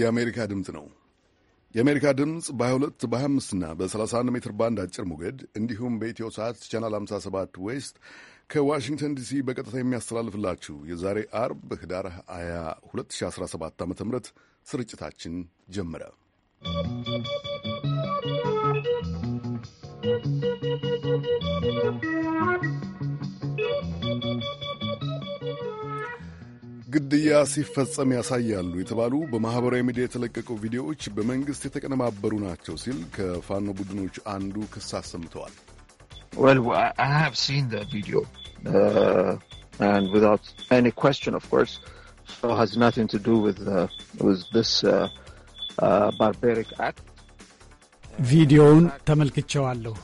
የአሜሪካ ድምፅ ነው። የአሜሪካ ድምፅ በ22 በ25ና በ31 ሜትር ባንድ አጭር ሞገድ እንዲሁም በኢትዮ ሰዓት ቻናል 57 ዌስት ከዋሽንግተን ዲሲ በቀጥታ የሚያስተላልፍላችሁ የዛሬ አርብ ህዳር 20 2017 ዓ ም ስርጭታችን ጀመረ። ግድያ ሲፈጸም ያሳያሉ የተባሉ በማኅበራዊ ሚዲያ የተለቀቁ ቪዲዮዎች በመንግሥት የተቀነባበሩ ናቸው ሲል ከፋኖ ቡድኖች አንዱ ክስ አሰምተዋል። ቪዲዮውን ተመልክቼዋለሁ።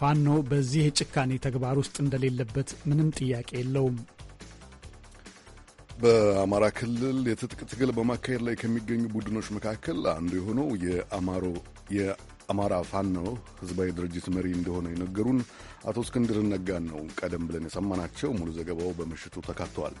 ፋኖ በዚህ የጭካኔ ተግባር ውስጥ እንደሌለበት ምንም ጥያቄ የለውም። በአማራ ክልል የትጥቅ ትግል በማካሄድ ላይ ከሚገኙ ቡድኖች መካከል አንዱ የሆነው የአማሮ የአማራ ፋኖ ህዝባዊ ድርጅት መሪ እንደሆነ የነገሩን አቶ እስክንድር ነጋን ነው ቀደም ብለን የሰማናቸው። ሙሉ ዘገባው በምሽቱ ተካተዋል።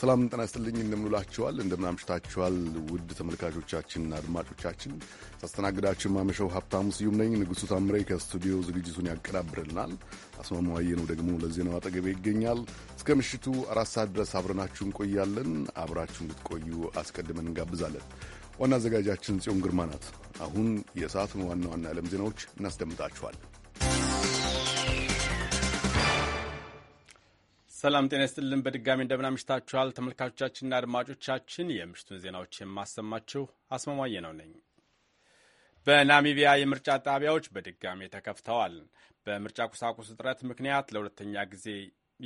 ሰላም ጤና ይስጥልኝ። እንደምንውላችኋል፣ እንደምናምሽታችኋል ውድ ተመልካቾቻችንና አድማጮቻችን ሳስተናግዳችሁ ማመሻው ሀብታሙ ስዩም ነኝ። ንጉሡ ታምሬ ከስቱዲዮ ዝግጅቱን ያቀናብርልናል። አስማማዋየነው ደግሞ ለዜናው አጠገቤ ይገኛል። እስከ ምሽቱ አራት ሰዓት ድረስ አብረናችሁ እንቆያለን። አብራችሁ እንድትቆዩ አስቀድመን እንጋብዛለን። ዋና አዘጋጃችን ጽዮን ግርማ ናት። አሁን የሰዓቱን ዋና ዋና የዓለም ዜናዎች እናስደምጣችኋል። ሰላም ጤና ይስጥልን። በድጋሚ እንደምናምሽታችኋል ተመልካቾቻችንና አድማጮቻችን። የምሽቱን ዜናዎች የማሰማችሁ አስማማየ ነው ነኝ። በናሚቢያ የምርጫ ጣቢያዎች በድጋሚ ተከፍተዋል። በምርጫ ቁሳቁስ እጥረት ምክንያት ለሁለተኛ ጊዜ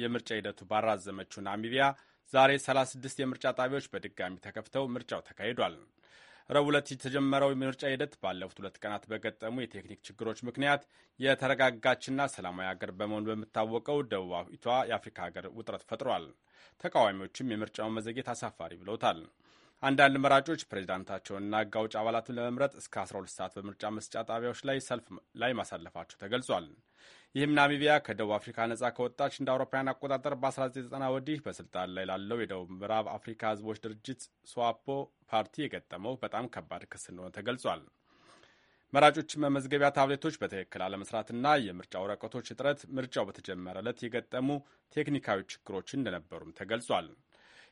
የምርጫ ሂደቱ ባራዘመችው ናሚቢያ ዛሬ 36 የምርጫ ጣቢያዎች በድጋሚ ተከፍተው ምርጫው ተካሂዷል። ረቡዕ ዕለት የተጀመረው የምርጫ ሂደት ባለፉት ሁለት ቀናት በገጠሙ የቴክኒክ ችግሮች ምክንያት የተረጋጋችና ሰላማዊ ሀገር በመሆኑ በምታወቀው ደቡባዊቷ የአፍሪካ ሀገር ውጥረት ፈጥሯል። ተቃዋሚዎችም የምርጫውን መዘግየት አሳፋሪ ብለውታል። አንዳንድ መራጮች ፕሬዚዳንታቸውንና ሕግ አውጭ አባላትን ለመምረጥ እስከ 12 ሰዓት በምርጫ መስጫ ጣቢያዎች ላይ ሰልፍ ላይ ማሳለፋቸው ተገልጿል። ይህም ናሚቢያ ከደቡብ አፍሪካ ነጻ ከወጣች እንደ አውሮፓውያን አቆጣጠር በ1990 ወዲህ በስልጣን ላይ ላለው የደቡብ ምዕራብ አፍሪካ ህዝቦች ድርጅት ስዋፖ ፓርቲ የገጠመው በጣም ከባድ ክስ እንደሆነ ተገልጿል። መራጮች መመዝገቢያ ታብሌቶች በትክክል አለመስራትና የምርጫ ወረቀቶች እጥረት ምርጫው በተጀመረ ዕለት የገጠሙ ቴክኒካዊ ችግሮች እንደነበሩም ተገልጿል።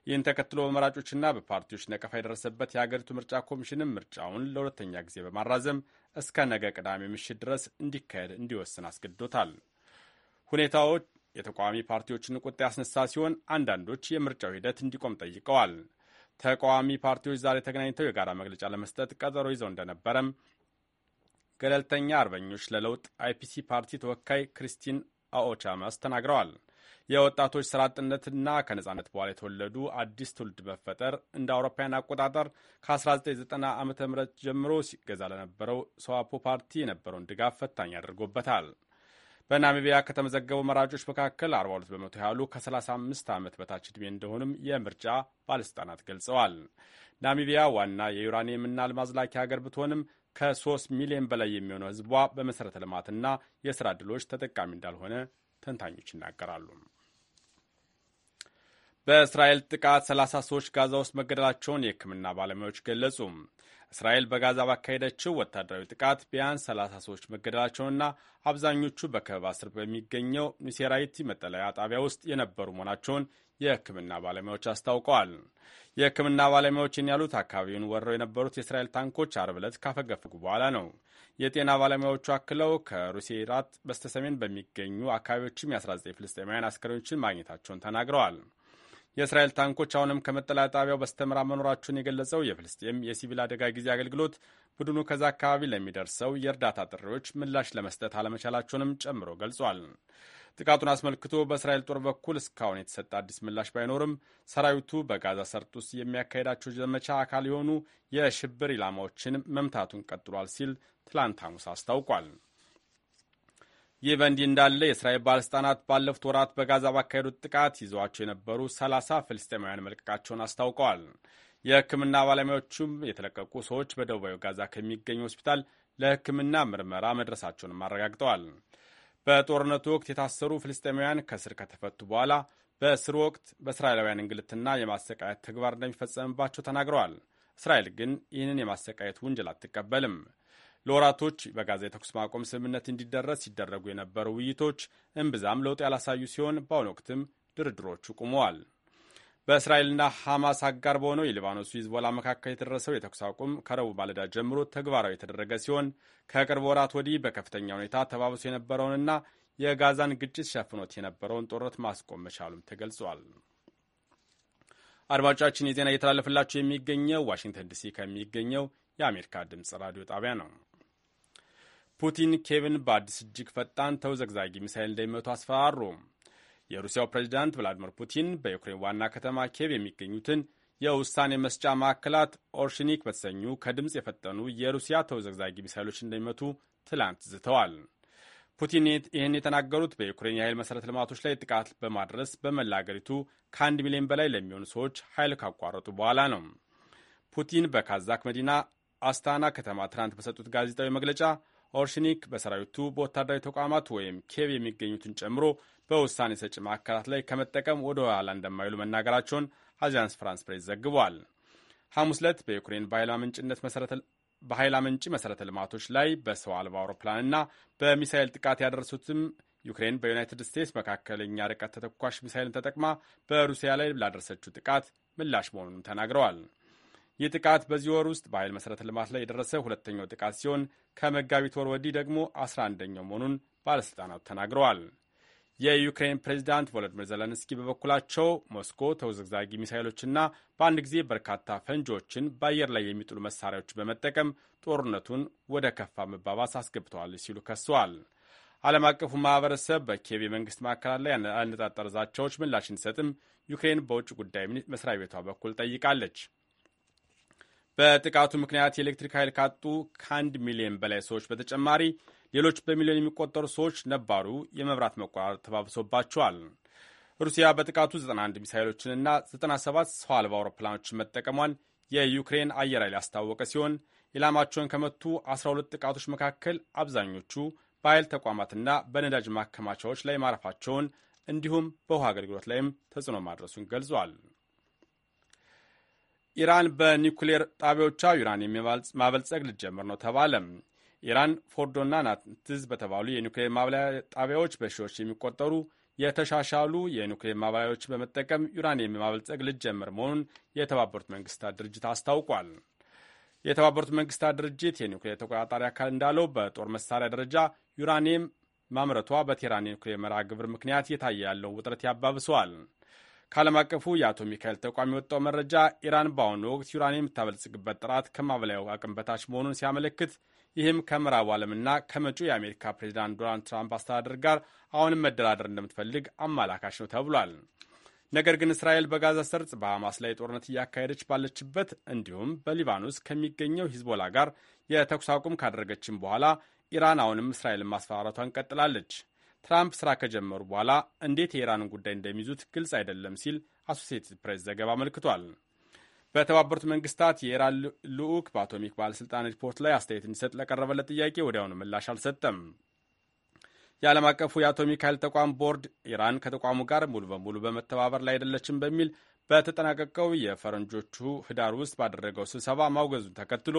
ይህን ተከትሎ በመራጮችና በፓርቲዎች ነቀፋ የደረሰበት የሀገሪቱ ምርጫ ኮሚሽንም ምርጫውን ለሁለተኛ ጊዜ በማራዘም እስከ ነገ ቅዳሜ ምሽት ድረስ እንዲካሄድ እንዲወስን አስገድዶታል። ሁኔታዎች የተቃዋሚ ፓርቲዎችን ቁጣ ያስነሳ ሲሆን አንዳንዶች የምርጫው ሂደት እንዲቆም ጠይቀዋል። ተቃዋሚ ፓርቲዎች ዛሬ ተገናኝተው የጋራ መግለጫ ለመስጠት ቀጠሮ ይዘው እንደነበረም ገለልተኛ አርበኞች ለለውጥ አይፒሲ ፓርቲ ተወካይ ክሪስቲን አኦቻማስ ተናግረዋል። የወጣቶች ስራ አጥነትና ከነጻነት በኋላ የተወለዱ አዲስ ትውልድ መፈጠር እንደ አውሮፓውያን አቆጣጠር ከ1990 ዓ ም ጀምሮ ሲገዛ ለነበረው ሰዋፖ ፓርቲ የነበረውን ድጋፍ ፈታኝ አድርጎበታል። በናሚቢያ ከተመዘገቡ መራጮች መካከል 42 በመቶ ያሉ ከ35 ዓመት በታች ዕድሜ እንደሆኑም የምርጫ ባለሥልጣናት ገልጸዋል። ናሚቢያ ዋና የዩራኒየምና አልማዝ ላኪ ሀገር ብትሆንም ከ3 ሚሊዮን በላይ የሚሆነው ሕዝቧ በመሠረተ ልማትና የሥራ ዕድሎች ተጠቃሚ እንዳልሆነ ተንታኞች ይናገራሉ። በእስራኤል ጥቃት 30 ሰዎች ጋዛ ውስጥ መገደላቸውን የሕክምና ባለሙያዎች ገለጹ። እስራኤል በጋዛ ባካሄደችው ወታደራዊ ጥቃት ቢያንስ 30 ሰዎች መገደላቸውንና አብዛኞቹ በከበባ ስር በሚገኘው ኒሴራይቲ መጠለያ ጣቢያ ውስጥ የነበሩ መሆናቸውን የሕክምና ባለሙያዎች አስታውቀዋል። የሕክምና ባለሙያዎችን ያሉት አካባቢውን ወረው የነበሩት የእስራኤል ታንኮች አርብ ዕለት ካፈገፈጉ በኋላ ነው። የጤና ባለሙያዎቹ አክለው ከሩሲራት በስተሰሜን በሚገኙ አካባቢዎችም የ19 ፍልስጤማውያን አስከሬኖችን ማግኘታቸውን ተናግረዋል። የእስራኤል ታንኮች አሁንም ከመጠለያ ጣቢያው በስተምራ መኖራቸውን የገለጸው የፍልስጤም የሲቪል አደጋ ጊዜ አገልግሎት ቡድኑ ከዛ አካባቢ ለሚደርሰው የእርዳታ ጥሪዎች ምላሽ ለመስጠት አለመቻላቸውንም ጨምሮ ገልጿል። ጥቃቱን አስመልክቶ በእስራኤል ጦር በኩል እስካሁን የተሰጠ አዲስ ምላሽ ባይኖርም ሰራዊቱ በጋዛ ሰርጥ ውስጥ የሚያካሄዳቸው ዘመቻ አካል የሆኑ የሽብር ኢላማዎችን መምታቱን ቀጥሏል ሲል ትላንት ሐሙስ አስታውቋል። ይህ በእንዲህ እንዳለ የእስራኤል ባለሥልጣናት ባለፉት ወራት በጋዛ ባካሄዱት ጥቃት ይዘዋቸው የነበሩ 30 ፍልስጤማውያን መልቀቃቸውን አስታውቀዋል። የሕክምና ባለሙያዎቹም የተለቀቁ ሰዎች በደቡባዊ ጋዛ ከሚገኝ ሆስፒታል ለሕክምና ምርመራ መድረሳቸውንም አረጋግጠዋል። በጦርነቱ ወቅት የታሰሩ ፍልስጤማውያን ከእስር ከተፈቱ በኋላ በእስር ወቅት በእስራኤላውያን እንግልትና የማሰቃየት ተግባር እንደሚፈጸምባቸው ተናግረዋል። እስራኤል ግን ይህንን የማሰቃየት ውንጀል አትቀበልም። ለወራቶች በጋዛ የተኩስ ማቆም ስምምነት እንዲደረስ ሲደረጉ የነበሩ ውይይቶች እምብዛም ለውጥ ያላሳዩ ሲሆን በአሁኑ ወቅትም ድርድሮቹ ቁመዋል። በእስራኤልና ሐማስ አጋር በሆነው የሊባኖሱ ሂዝቦላ መካከል የተደረሰው የተኩስ አቁም ከረቡዕ ማለዳ ጀምሮ ተግባራዊ የተደረገ ሲሆን ከቅርብ ወራት ወዲህ በከፍተኛ ሁኔታ ተባብሶ የነበረውንና የጋዛን ግጭት ሸፍኖት የነበረውን ጦርነት ማስቆም መቻሉም ተገልጿል። አድማጮቻችን፣ የዜና እየተላለፍላቸው የሚገኘው ዋሽንግተን ዲሲ ከሚገኘው የአሜሪካ ድምፅ ራዲዮ ጣቢያ ነው። ፑቲን ኬቭን በአዲስ እጅግ ፈጣን ተውዘግዛጊ ሚሳይል እንደሚመቱ አስፈራሩ። የሩሲያው ፕሬዚዳንት ቭላዲሚር ፑቲን በዩክሬን ዋና ከተማ ኬቭ የሚገኙትን የውሳኔ መስጫ ማዕከላት ኦርሽኒክ በተሰኙ ከድምፅ የፈጠኑ የሩሲያ ተውዘግዛጊ ሚሳይሎች እንደሚመቱ ትላንት ዝተዋል። ፑቲን ይህን የተናገሩት በዩክሬን የኃይል መሠረተ ልማቶች ላይ ጥቃት በማድረስ በመላ አገሪቱ ከአንድ ሚሊዮን በላይ ለሚሆኑ ሰዎች ኃይል ካቋረጡ በኋላ ነው። ፑቲን በካዛክ መዲና አስታና ከተማ ትናንት በሰጡት ጋዜጣዊ መግለጫ ኦርሽኒክ በሰራዊቱ በወታደራዊ ተቋማት ወይም ኬቭ የሚገኙትን ጨምሮ በውሳኔ ሰጪ ማዕከላት ላይ ከመጠቀም ወደ ኋላ እንደማይሉ መናገራቸውን አጃንስ ፍራንስ ፕሬስ ዘግቧል። ሐሙስ ዕለት በዩክሬን በኃይል አመንጪ መሠረተ ልማቶች ላይ በሰው አልባ አውሮፕላንና በሚሳይል ጥቃት ያደረሱትም ዩክሬን በዩናይትድ ስቴትስ መካከለኛ ርቀት ተተኳሽ ሚሳይልን ተጠቅማ በሩሲያ ላይ ላደረሰችው ጥቃት ምላሽ መሆኑንም ተናግረዋል። ይህ ጥቃት በዚህ ወር ውስጥ በኃይል መሠረተ ልማት ላይ የደረሰ ሁለተኛው ጥቃት ሲሆን ከመጋቢት ወር ወዲህ ደግሞ 11ኛው መሆኑን ባለሥልጣናት ተናግረዋል። የዩክሬን ፕሬዚዳንት ቮሎዲሚር ዘለንስኪ በበኩላቸው ሞስኮ ተውዘግዛጊ ሚሳይሎችና በአንድ ጊዜ በርካታ ፈንጂዎችን በአየር ላይ የሚጥሉ መሳሪያዎች በመጠቀም ጦርነቱን ወደ ከፋ መባባስ አስገብተዋል ሲሉ ከሰዋል። ዓለም አቀፉ ማህበረሰብ በኪየቭ የመንግስት ማዕከላት ላይ ያነጣጠረ ዛቻዎች ምላሽ እንዲሰጥም ዩክሬን በውጭ ጉዳይ መስሪያ ቤቷ በኩል ጠይቃለች። በጥቃቱ ምክንያት የኤሌክትሪክ ኃይል ካጡ ከአንድ ሚሊዮን በላይ ሰዎች በተጨማሪ ሌሎች በሚሊዮን የሚቆጠሩ ሰዎች ነባሩ የመብራት መቆራረጥ ተባብሶባቸዋል። ሩሲያ በጥቃቱ 91 ሚሳይሎችንና 97 ሰው አልባ አውሮፕላኖችን መጠቀሟን የዩክሬን አየር ኃይል ያስታወቀ ሲሆን ኢላማቸውን ከመቱ 12 ጥቃቶች መካከል አብዛኞቹ በኃይል ተቋማትና በነዳጅ ማከማቻዎች ላይ ማረፋቸውን እንዲሁም በውሃ አገልግሎት ላይም ተጽዕኖ ማድረሱን ገልጿል። ኢራን በኒውክሌር ጣቢያዎቿ ዩራኒየም ማበልጸግ ልትጀምር ነው ተባለ። ኢራን ፎርዶና ናትንዝ በተባሉ የኒውክሌር ማብላያ ጣቢያዎች በሺዎች የሚቆጠሩ የተሻሻሉ የኒውክሌር ማብላያዎች በመጠቀም ዩራኒየም ማበልጸግ ልትጀምር መሆኑን የተባበሩት መንግስታት ድርጅት አስታውቋል። የተባበሩት መንግስታት ድርጅት የኒውክሌር ተቆጣጣሪ አካል እንዳለው በጦር መሳሪያ ደረጃ ዩራኒየም ማምረቷ በቴህራን የኒውክሌር መርሃ ግብር ምክንያት እየታየ ያለውን ውጥረት ያባብሰዋል። ከዓለም አቀፉ የአቶ ሚካኤል ተቋም የወጣው መረጃ ኢራን በአሁኑ ወቅት ዩራን የምታበልጽግበት ጥራት ከማበላዩ አቅም በታች መሆኑን ሲያመለክት ይህም ከምዕራቡ ዓለምና ከመጪው የአሜሪካ ፕሬዚዳንት ዶናልድ ትራምፕ አስተዳደር ጋር አሁንም መደራደር እንደምትፈልግ አመላካች ነው ተብሏል። ነገር ግን እስራኤል በጋዛ ሰርጽ በሐማስ ላይ ጦርነት እያካሄደች ባለችበት እንዲሁም በሊባኖስ ከሚገኘው ሂዝቦላ ጋር የተኩስ አቁም ካደረገችም በኋላ ኢራን አሁንም እስራኤልን ማስፈራራቷን ቀጥላለች። ትራምፕ ስራ ከጀመሩ በኋላ እንዴት የኢራንን ጉዳይ እንደሚይዙት ግልጽ አይደለም ሲል አሶሴትድ ፕሬስ ዘገባ አመልክቷል። በተባበሩት መንግስታት የኢራን ልዑክ በአቶሚክ ባለሥልጣን ሪፖርት ላይ አስተያየት እንዲሰጥ ለቀረበለት ጥያቄ ወዲያውኑ ምላሽ አልሰጠም። የዓለም አቀፉ የአቶሚክ ኃይል ተቋም ቦርድ ኢራን ከተቋሙ ጋር ሙሉ በሙሉ በመተባበር ላይ አይደለችም በሚል በተጠናቀቀው የፈረንጆቹ ህዳር ውስጥ ባደረገው ስብሰባ ማውገዙን ተከትሎ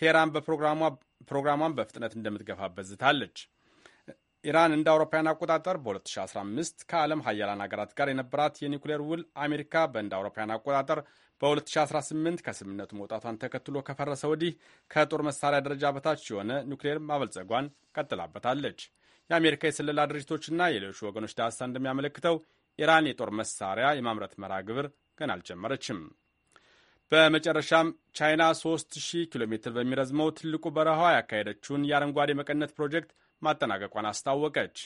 ቴህራን በፕሮግራሟን በፍጥነት እንደምትገፋበት ዝታለች። ኢራን እንደ አውሮፓውያን አቆጣጠር በ2015 ከዓለም ሀያላን ሀገራት ጋር የነበራት የኒውክሌር ውል አሜሪካ በእንደ አውሮፓውያን አቆጣጠር በ2018 ከስምምነቱ መውጣቷን ተከትሎ ከፈረሰ ወዲህ ከጦር መሳሪያ ደረጃ በታች የሆነ ኒውክሌር ማበልጸጓን ቀጥላበታለች። የአሜሪካ የስለላ ድርጅቶችና የሌሎች ወገኖች ዳሰሳ እንደሚያመለክተው ኢራን የጦር መሳሪያ የማምረት መርሃ ግብር ገና አልጀመረችም። በመጨረሻም ቻይና 3000 ኪሎ ሜትር በሚረዝመው ትልቁ በረሃዋ ያካሄደችውን የአረንጓዴ መቀነት ፕሮጀክት ማጠናቀቋን አስታወቀች።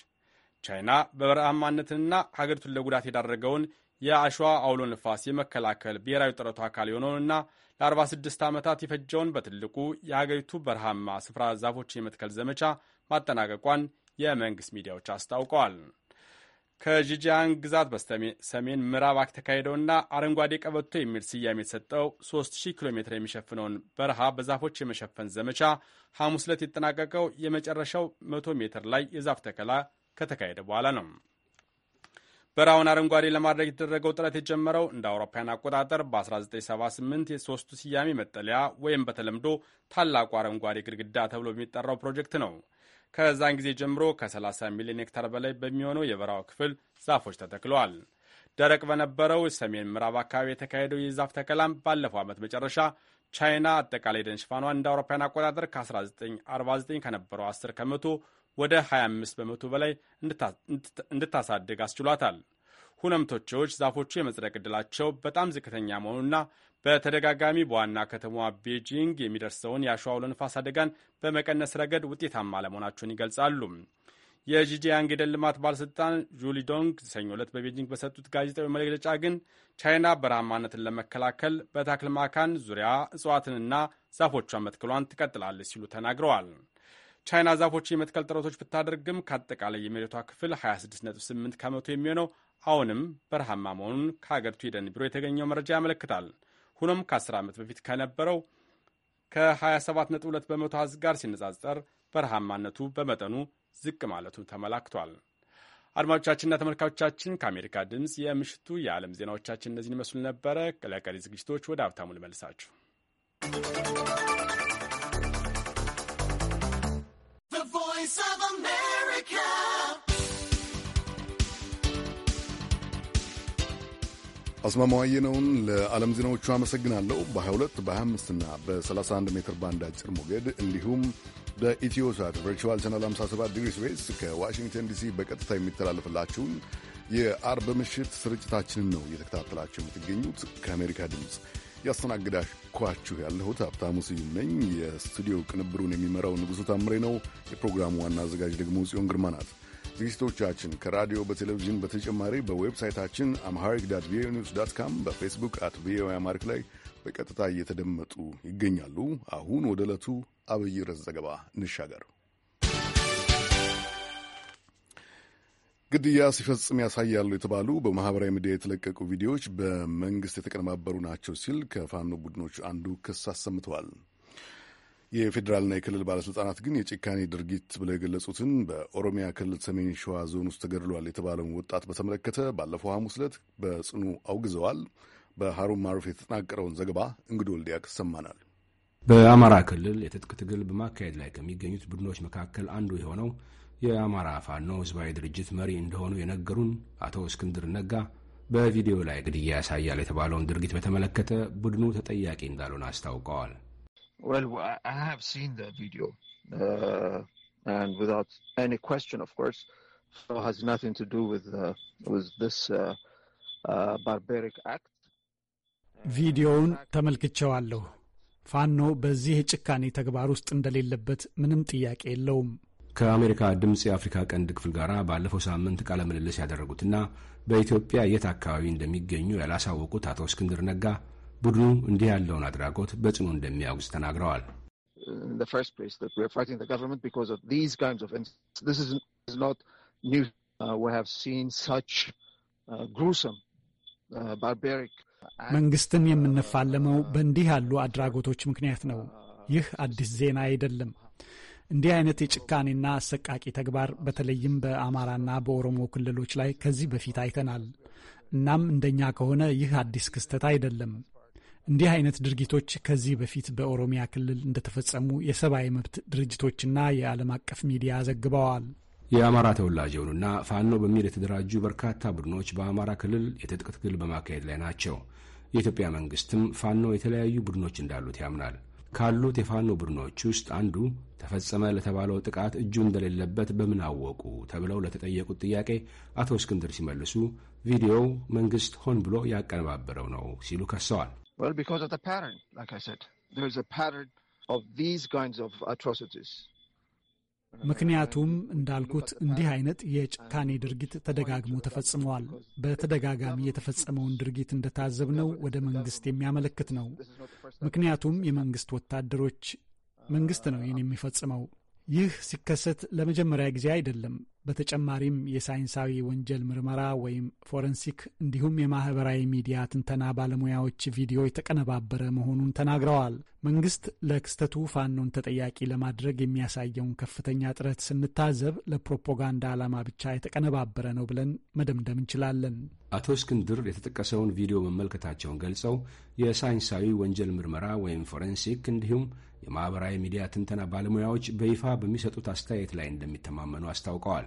ቻይና በበረሃማነትንና ሀገሪቱን ለጉዳት የዳረገውን የአሸዋ አውሎ ንፋስ የመከላከል ብሔራዊ ጥረቱ አካል የሆነውንና ለ46 ዓመታት የፈጀውን በትልቁ የሀገሪቱ በረሃማ ስፍራ ዛፎችን የመትከል ዘመቻ ማጠናቀቋን የመንግሥት ሚዲያዎች አስታውቀዋል። ከጂጂያን ግዛት በስተሰሜን ምዕራብ አክተካሄደውና አረንጓዴ ቀበቶ የሚል ስያሜ የተሰጠው 3000 ኪሎ ሜትር የሚሸፍነውን በረሃ በዛፎች የመሸፈን ዘመቻ ሐሙስ ዕለት የተጠናቀቀው የመጨረሻው 100 ሜትር ላይ የዛፍ ተከላ ከተካሄደ በኋላ ነው። በረሃውን አረንጓዴ ለማድረግ የተደረገው ጥረት የጀመረው እንደ አውሮፓውያን አቆጣጠር በ1978 የሶስቱ ስያሜ መጠለያ ወይም በተለምዶ ታላቁ አረንጓዴ ግድግዳ ተብሎ በሚጠራው ፕሮጀክት ነው። ከዛን ጊዜ ጀምሮ ከ30 ሚሊዮን ሄክታር በላይ በሚሆነው የበረሃው ክፍል ዛፎች ተተክለዋል። ደረቅ በነበረው ሰሜን ምዕራብ አካባቢ የተካሄደው የዛፍ ተከላም ባለፈው ዓመት መጨረሻ ቻይና አጠቃላይ ደን ሽፋኗ እንደ አውሮፓውያን አቆጣጠር ከ1949 ከነበረው 10 ከመቶ ወደ 25 በመቶ በላይ እንድታሳድግ አስችሏታል። ሁነምቶቼዎች ዛፎቹ የመጽደቅ ዕድላቸው በጣም ዝቅተኛ መሆኑና በተደጋጋሚ በዋና ከተማዋ ቤጂንግ የሚደርሰውን የአሸዋ አውሎ አደጋን በመቀነስ ረገድ ውጤታማ ለመሆናቸውን ይገልጻሉ። የዢጂያንግ የደን ልማት ባለሥልጣን ጁሊዶንግ ሰኞ ዕለት በቤጂንግ በሰጡት ጋዜጣዊ መግለጫ ግን ቻይና በረሃማነትን ለመከላከል በታክልማካን ዙሪያ እጽዋትንና ዛፎቿን መትከሏን ትቀጥላለች ሲሉ ተናግረዋል። ቻይና ዛፎች የመትከል ጥረቶች ብታደርግም ከአጠቃላይ የመሬቷ ክፍል 26.8 ከመቶ የሚሆነው አሁንም በረሃማ መሆኑን ከሀገሪቱ የደን ቢሮ የተገኘው መረጃ ያመለክታል። ሆኖም ከ10 ዓመት በፊት ከነበረው ከ27.2 በመቶ አሃዝ ጋር ሲነጻጸር በረሃማነቱ በመጠኑ ዝቅ ማለቱ ተመላክቷል። አድማጮቻችንና ተመልካቾቻችን ከአሜሪካ ድምፅ የምሽቱ የዓለም ዜናዎቻችን እነዚህን ይመስሉ ነበረ። ለቀሪ ዝግጅቶች ወደ ሀብታሙ ልመልሳችሁ። አስማማው ነውን ለዓለም ዜናዎቹ አመሰግናለሁ። በ22 በ25 እና በ31 ሜትር ባንድ አጭር ሞገድ እንዲሁም በኢትዮ ሳት ቨርቹዋል ቻናል 57 ዲግሪስ ዌስት ከዋሽንግተን ዲሲ በቀጥታ የሚተላለፍላችሁን የአርብ ምሽት ስርጭታችንን ነው እየተከታተላችሁ የምትገኙት። ከአሜሪካ ድምፅ ያስተናግዳኳችሁ ያለሁት ሀብታሙ ስዩም ነኝ። የስቱዲዮ ቅንብሩን የሚመራው ንጉሡ ታምሬ ነው። የፕሮግራሙ ዋና አዘጋጅ ደግሞ ጽዮን ግርማ ናት። ዝግጅቶቻችን ከራዲዮ በቴሌቪዥን በተጨማሪ በዌብሳይታችን አምሃሪክ ዳት ቪኦኤ ኒውስ ዳት ካም በፌስቡክ አት ቪኦኤ አማሪክ ላይ በቀጥታ እየተደመጡ ይገኛሉ። አሁን ወደ ዕለቱ አብይ ርዕስ ዘገባ እንሻገር። ግድያ ሲፈጽም ያሳያሉ የተባሉ በማህበራዊ ሚዲያ የተለቀቁ ቪዲዮዎች በመንግስት የተቀነባበሩ ናቸው ሲል ከፋኖ ቡድኖች አንዱ ክስ አሰምተዋል። የፌዴራልና የክልል ባለስልጣናት ግን የጭካኔ ድርጊት ብለው የገለጹትን በኦሮሚያ ክልል ሰሜን ሸዋ ዞን ውስጥ ተገድሏል የተባለውን ወጣት በተመለከተ ባለፈው ሐሙስ ዕለት በጽኑ አውግዘዋል። በሃሩን ማሩፍ የተጠናቀረውን ዘገባ እንግዶ ወልዲያቅ ያሰማናል። በአማራ ክልል የትጥቅ ትግል በማካሄድ ላይ ከሚገኙት ቡድኖች መካከል አንዱ የሆነው የአማራ ፋኖ ህዝባዊ ድርጅት መሪ እንደሆኑ የነገሩን አቶ እስክንድር ነጋ በቪዲዮ ላይ ግድያ ያሳያል የተባለውን ድርጊት በተመለከተ ቡድኑ ተጠያቂ እንዳልሆነ አስታውቀዋል። Well, I have seen the video, uh, and without any question, of course, so has nothing to do with uh, with this uh, uh, barbaric act. ቪዲዮውን ተመልክቸዋለሁ። ፋኖ በዚህ የጭካኔ ተግባር ውስጥ እንደሌለበት ምንም ጥያቄ የለውም። ከአሜሪካ ድምፅ የአፍሪካ ቀንድ ክፍል ጋር ባለፈው ሳምንት ቃለ ምልልስ ያደረጉትና በኢትዮጵያ የት አካባቢ እንደሚገኙ ያላሳወቁት አቶ እስክንድር ነጋ ቡድኑ እንዲህ ያለውን አድራጎት በጽኑ እንደሚያውግዝ ተናግረዋል። uh, uh, uh, መንግስትን የምንፋለመው በእንዲህ ያሉ አድራጎቶች ምክንያት ነው። ይህ አዲስ ዜና አይደለም። እንዲህ አይነት የጭካኔና አሰቃቂ ተግባር በተለይም በአማራና በኦሮሞ ክልሎች ላይ ከዚህ በፊት አይተናል። እናም እንደኛ ከሆነ ይህ አዲስ ክስተት አይደለም። እንዲህ አይነት ድርጊቶች ከዚህ በፊት በኦሮሚያ ክልል እንደተፈጸሙ የሰብአዊ መብት ድርጅቶችና የዓለም አቀፍ ሚዲያ ዘግበዋል። የአማራ ተወላጅ የሆኑና ፋኖ በሚል የተደራጁ በርካታ ቡድኖች በአማራ ክልል የትጥቅ ትግል በማካሄድ ላይ ናቸው። የኢትዮጵያ መንግስትም ፋኖ የተለያዩ ቡድኖች እንዳሉት ያምናል። ካሉት የፋኖ ቡድኖች ውስጥ አንዱ ተፈጸመ ለተባለው ጥቃት እጁ እንደሌለበት በምን አወቁ ተብለው ለተጠየቁት ጥያቄ አቶ እስክንድር ሲመልሱ ቪዲዮው መንግስት ሆን ብሎ ያቀነባበረው ነው ሲሉ ከሰዋል። Well, because of the pattern, like I said. There is a pattern of these kinds of atrocities. ምክንያቱም እንዳልኩት እንዲህ አይነት የጭካኔ ድርጊት ተደጋግሞ ተፈጽመዋል። በተደጋጋሚ የተፈጸመውን ድርጊት እንደታዘብነው ወደ መንግስት የሚያመለክት ነው። ምክንያቱም የመንግስት ወታደሮች መንግስት ነው ይህን የሚፈጽመው። ይህ ሲከሰት ለመጀመሪያ ጊዜ አይደለም። በተጨማሪም የሳይንሳዊ ወንጀል ምርመራ ወይም ፎረንሲክ እንዲሁም የማህበራዊ ሚዲያ ትንተና ባለሙያዎች ቪዲዮ የተቀነባበረ መሆኑን ተናግረዋል። መንግስት ለክስተቱ ፋኖን ተጠያቂ ለማድረግ የሚያሳየውን ከፍተኛ ጥረት ስንታዘብ ለፕሮፓጋንዳ ዓላማ ብቻ የተቀነባበረ ነው ብለን መደምደም እንችላለን። አቶ እስክንድር የተጠቀሰውን ቪዲዮ መመልከታቸውን ገልጸው የሳይንሳዊ ወንጀል ምርመራ ወይም ፎረንሲክ እንዲሁም የማኅበራዊ ሚዲያ ትንተና ባለሙያዎች በይፋ በሚሰጡት አስተያየት ላይ እንደሚተማመኑ አስታውቀዋል።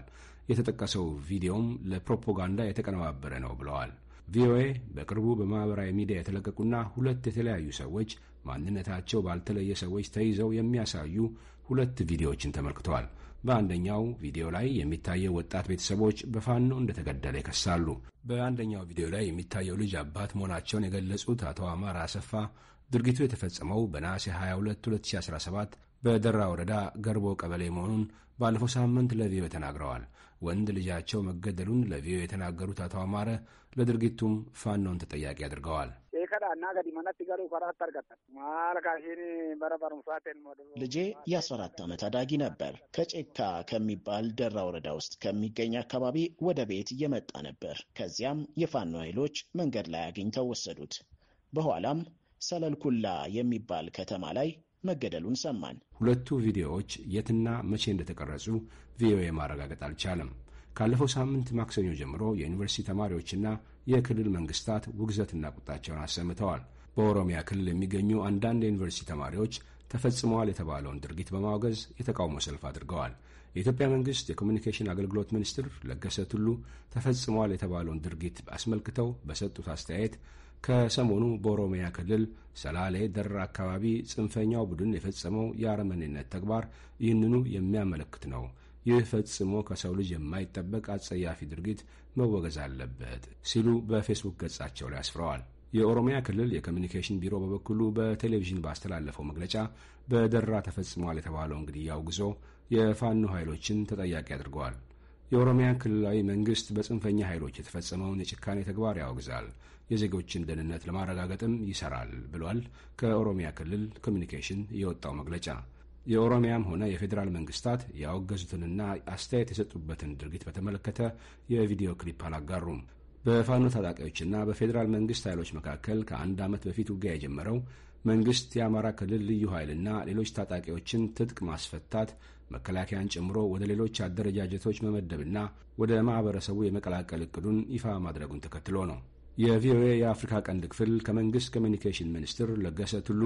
የተጠቀሰው ቪዲዮም ለፕሮፓጋንዳ የተቀነባበረ ነው ብለዋል። ቪኦኤ በቅርቡ በማኅበራዊ ሚዲያ የተለቀቁና ሁለት የተለያዩ ሰዎች ማንነታቸው ባልተለየ ሰዎች ተይዘው የሚያሳዩ ሁለት ቪዲዮዎችን ተመልክተዋል። በአንደኛው ቪዲዮ ላይ የሚታየው ወጣት ቤተሰቦች በፋኖ እንደተገደለ ይከሳሉ። በአንደኛው ቪዲዮ ላይ የሚታየው ልጅ አባት መሆናቸውን የገለጹት አቶ አማራ አሰፋ ድርጊቱ የተፈጸመው በነሐሴ 22 2017 በደራ ወረዳ ገርቦ ቀበሌ መሆኑን ባለፈው ሳምንት ለቪኦኤ ተናግረዋል። ወንድ ልጃቸው መገደሉን ለቪኦኤ የተናገሩት አቶ አማረ ለድርጊቱም ፋኖን ተጠያቂ አድርገዋል። ልጄ የ14 ዓመት አዳጊ ነበር። ከጨካ ከሚባል ደራ ወረዳ ውስጥ ከሚገኝ አካባቢ ወደ ቤት እየመጣ ነበር። ከዚያም የፋኖ ኃይሎች መንገድ ላይ አግኝተው ወሰዱት። በኋላም ሰለልኩላ የሚባል ከተማ ላይ መገደሉን ሰማን። ሁለቱ ቪዲዮዎች የትና መቼ እንደተቀረጹ ቪኦኤ ማረጋገጥ አልቻለም። ካለፈው ሳምንት ማክሰኞ ጀምሮ የዩኒቨርሲቲ ተማሪዎችና የክልል መንግስታት ውግዘትና ቁጣቸውን አሰምተዋል። በኦሮሚያ ክልል የሚገኙ አንዳንድ የዩኒቨርሲቲ ተማሪዎች ተፈጽመዋል የተባለውን ድርጊት በማውገዝ የተቃውሞ ሰልፍ አድርገዋል። የኢትዮጵያ መንግስት የኮሚኒኬሽን አገልግሎት ሚኒስትር ለገሰ ቱሉ ተፈጽመዋል የተባለውን ድርጊት አስመልክተው በሰጡት አስተያየት ከሰሞኑ በኦሮሚያ ክልል ሰላሌ ደራ አካባቢ ጽንፈኛው ቡድን የፈጸመው የአረመኔነት ተግባር ይህንኑ የሚያመለክት ነው። ይህ ፈጽሞ ከሰው ልጅ የማይጠበቅ አጸያፊ ድርጊት መወገዝ አለበት ሲሉ በፌስቡክ ገጻቸው ላይ አስፍረዋል። የኦሮሚያ ክልል የኮሚኒኬሽን ቢሮ በበኩሉ በቴሌቪዥን ባስተላለፈው መግለጫ በደራ ተፈጽሟል የተባለው እንግዲህ አውግዞ የፋኖ ኃይሎችን ተጠያቂ አድርገዋል። የኦሮሚያ ክልላዊ መንግስት በጽንፈኛ ኃይሎች የተፈጸመውን የጭካኔ ተግባር ያወግዛል፣ የዜጎችን ደህንነት ለማረጋገጥም ይሰራል ብሏል። ከኦሮሚያ ክልል ኮሚኒኬሽን የወጣው መግለጫ የኦሮሚያም ሆነ የፌዴራል መንግስታት ያወገዙትንና አስተያየት የሰጡበትን ድርጊት በተመለከተ የቪዲዮ ክሊፕ አላጋሩም። በፋኖ ታጣቂዎችና በፌዴራል መንግስት ኃይሎች መካከል ከአንድ ዓመት በፊት ውጊያ የጀመረው መንግስት የአማራ ክልል ልዩ ኃይልና ሌሎች ታጣቂዎችን ትጥቅ ማስፈታት መከላከያን ጨምሮ ወደ ሌሎች አደረጃጀቶች መመደብና ወደ ማኅበረሰቡ የመቀላቀል እቅዱን ይፋ ማድረጉን ተከትሎ ነው። የቪኦኤ የአፍሪካ ቀንድ ክፍል ከመንግሥት ኮሚኒኬሽን ሚኒስትር ለገሰ ቱሉ፣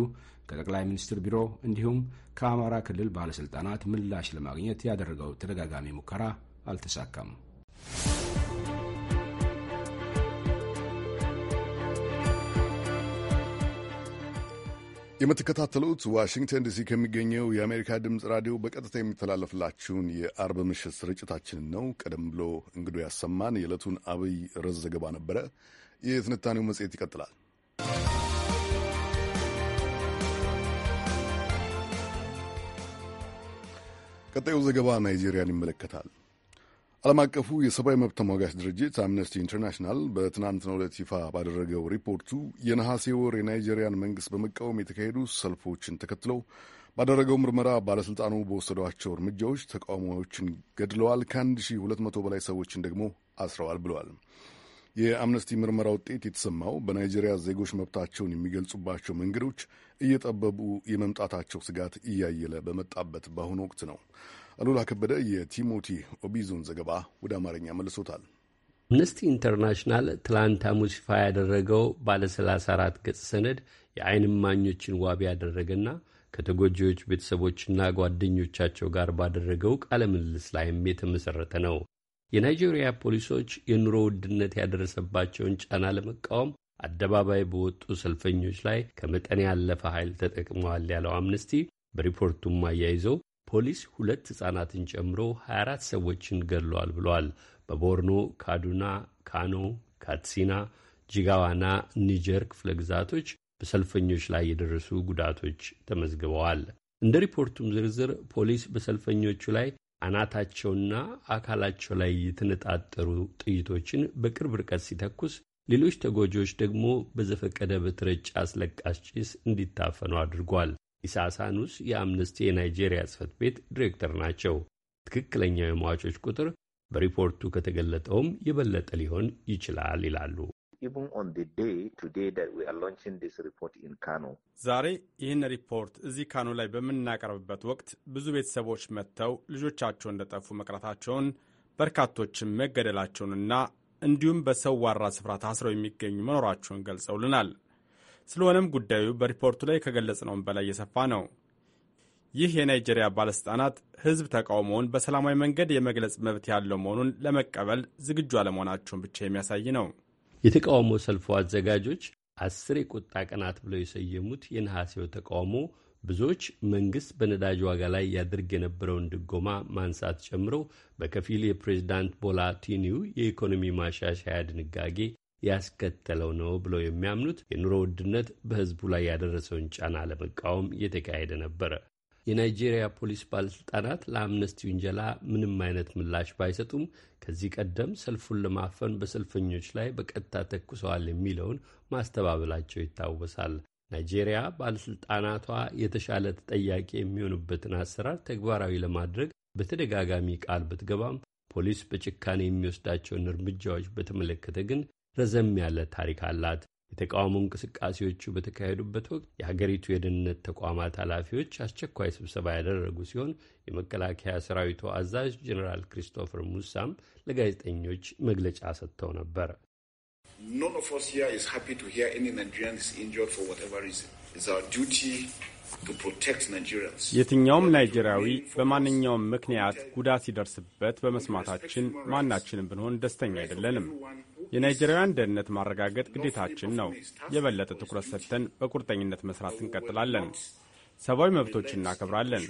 ከጠቅላይ ሚኒስትር ቢሮ እንዲሁም ከአማራ ክልል ባለሥልጣናት ምላሽ ለማግኘት ያደረገው ተደጋጋሚ ሙከራ አልተሳካም። የምትከታተሉት ዋሽንግተን ዲሲ ከሚገኘው የአሜሪካ ድምፅ ራዲዮ በቀጥታ የሚተላለፍላችሁን የአርብ ምሽት ስርጭታችንን ነው። ቀደም ብሎ እንግዶ ያሰማን የዕለቱን አብይ ርዕስ ዘገባ ነበረ። የትንታኔው መጽሔት ይቀጥላል። ቀጣዩ ዘገባ ናይጄሪያን ይመለከታል። ዓለም አቀፉ የሰብአዊ መብት ተሟጋች ድርጅት አምነስቲ ኢንተርናሽናል በትናንትናው ዕለት ይፋ ባደረገው ሪፖርቱ የነሐሴ ወር የናይጄሪያን መንግሥት በመቃወም የተካሄዱ ሰልፎችን ተከትለው ባደረገው ምርመራ ባለሥልጣኑ በወሰዷቸው እርምጃዎች ተቃውሞዎችን ገድለዋል፣ ከ1200 በላይ ሰዎችን ደግሞ አስረዋል ብለዋል። የአምነስቲ ምርመራ ውጤት የተሰማው በናይጄሪያ ዜጎች መብታቸውን የሚገልጹባቸው መንገዶች እየጠበቡ የመምጣታቸው ስጋት እያየለ በመጣበት በአሁኑ ወቅት ነው። አሉላ ከበደ የቲሞቲ ኦቢዞን ዘገባ ወደ አማርኛ መልሶታል። አምነስቲ ኢንተርናሽናል ትላንት ሐሙስ ይፋ ያደረገው ባለ 34 ገጽ ሰነድ የዓይን እማኞችን ዋቢ ያደረገና ከተጎጂዎች ቤተሰቦችና ጓደኞቻቸው ጋር ባደረገው ቃለ ምልልስ ላይም የተመሠረተ ነው። የናይጄሪያ ፖሊሶች የኑሮ ውድነት ያደረሰባቸውን ጫና ለመቃወም አደባባይ በወጡ ሰልፈኞች ላይ ከመጠን ያለፈ ኃይል ተጠቅመዋል ያለው አምነስቲ በሪፖርቱም አያይዞ ፖሊስ ሁለት ሕፃናትን ጨምሮ 24 ሰዎችን ገድሏል ብሏል። በቦርኖ፣ ካዱና፣ ካኖ፣ ካትሲና፣ ጂጋዋና ኒጀር ክፍለ ግዛቶች በሰልፈኞች ላይ የደረሱ ጉዳቶች ተመዝግበዋል። እንደ ሪፖርቱም ዝርዝር ፖሊስ በሰልፈኞቹ ላይ አናታቸውና አካላቸው ላይ የተነጣጠሩ ጥይቶችን በቅርብ ርቀት ሲተኩስ፣ ሌሎች ተጎጂዎች ደግሞ በዘፈቀደ በትረጭ አስለቃሽ ጭስ እንዲታፈኑ አድርጓል። ኢሳሳኑስ የአምነስቲ የናይጄሪያ ጽህፈት ቤት ዲሬክተር ናቸው። ትክክለኛው የሟቾች ቁጥር በሪፖርቱ ከተገለጠውም የበለጠ ሊሆን ይችላል ይላሉ። ዛሬ ይህን ሪፖርት እዚህ ካኖ ላይ በምናቀርብበት ወቅት ብዙ ቤተሰቦች መጥተው ልጆቻቸው እንደጠፉ መቅረታቸውን በርካቶችም መገደላቸውንና እንዲሁም በሰው ዋራ ስፍራ ታስረው የሚገኙ መኖራቸውን ገልጸውልናል። ስለሆነም ጉዳዩ በሪፖርቱ ላይ ከገለጽነውን በላይ የሰፋ ነው። ይህ የናይጄሪያ ባለሥልጣናት ሕዝብ ተቃውሞውን በሰላማዊ መንገድ የመግለጽ መብት ያለው መሆኑን ለመቀበል ዝግጁ አለመሆናቸውን ብቻ የሚያሳይ ነው። የተቃውሞ ሰልፎ አዘጋጆች አስር የቁጣ ቀናት ብለው የሰየሙት የነሐሴው ተቃውሞ ብዙዎች መንግስት በነዳጅ ዋጋ ላይ ያደርግ የነበረውን ድጎማ ማንሳት ጨምሮ በከፊል የፕሬዚዳንት ቦላ የኢኮኖሚ ማሻሻያ ድንጋጌ ያስከተለው ነው ብለው የሚያምኑት የኑሮ ውድነት በሕዝቡ ላይ ያደረሰውን ጫና ለመቃወም እየተካሄደ ነበረ። የናይጄሪያ ፖሊስ ባለስልጣናት ለአምነስቲ ውንጀላ ምንም አይነት ምላሽ ባይሰጡም ከዚህ ቀደም ሰልፉን ለማፈን በሰልፈኞች ላይ በቀጥታ ተኩሰዋል የሚለውን ማስተባበላቸው ይታወሳል። ናይጄሪያ ባለስልጣናቷ የተሻለ ተጠያቂ የሚሆኑበትን አሰራር ተግባራዊ ለማድረግ በተደጋጋሚ ቃል ብትገባም ፖሊስ በጭካኔ የሚወስዳቸውን እርምጃዎች በተመለከተ ግን ረዘም ያለ ታሪክ አላት። የተቃውሞ እንቅስቃሴዎቹ በተካሄዱበት ወቅት የሀገሪቱ የደህንነት ተቋማት ኃላፊዎች አስቸኳይ ስብሰባ ያደረጉ ሲሆን የመከላከያ ሰራዊቱ አዛዥ ጀኔራል ክሪስቶፈር ሙሳም ለጋዜጠኞች መግለጫ ሰጥተው ነበር። የትኛውም ናይጄሪያዊ በማንኛውም ምክንያት ጉዳት ሲደርስበት በመስማታችን ማናችንም ብንሆን ደስተኛ አይደለንም። የናይጄሪያውያን ደህንነት ማረጋገጥ ግዴታችን ነው። የበለጠ ትኩረት ሰጥተን በቁርጠኝነት መስራት እንቀጥላለን። ሰብአዊ መብቶች እናከብራለን።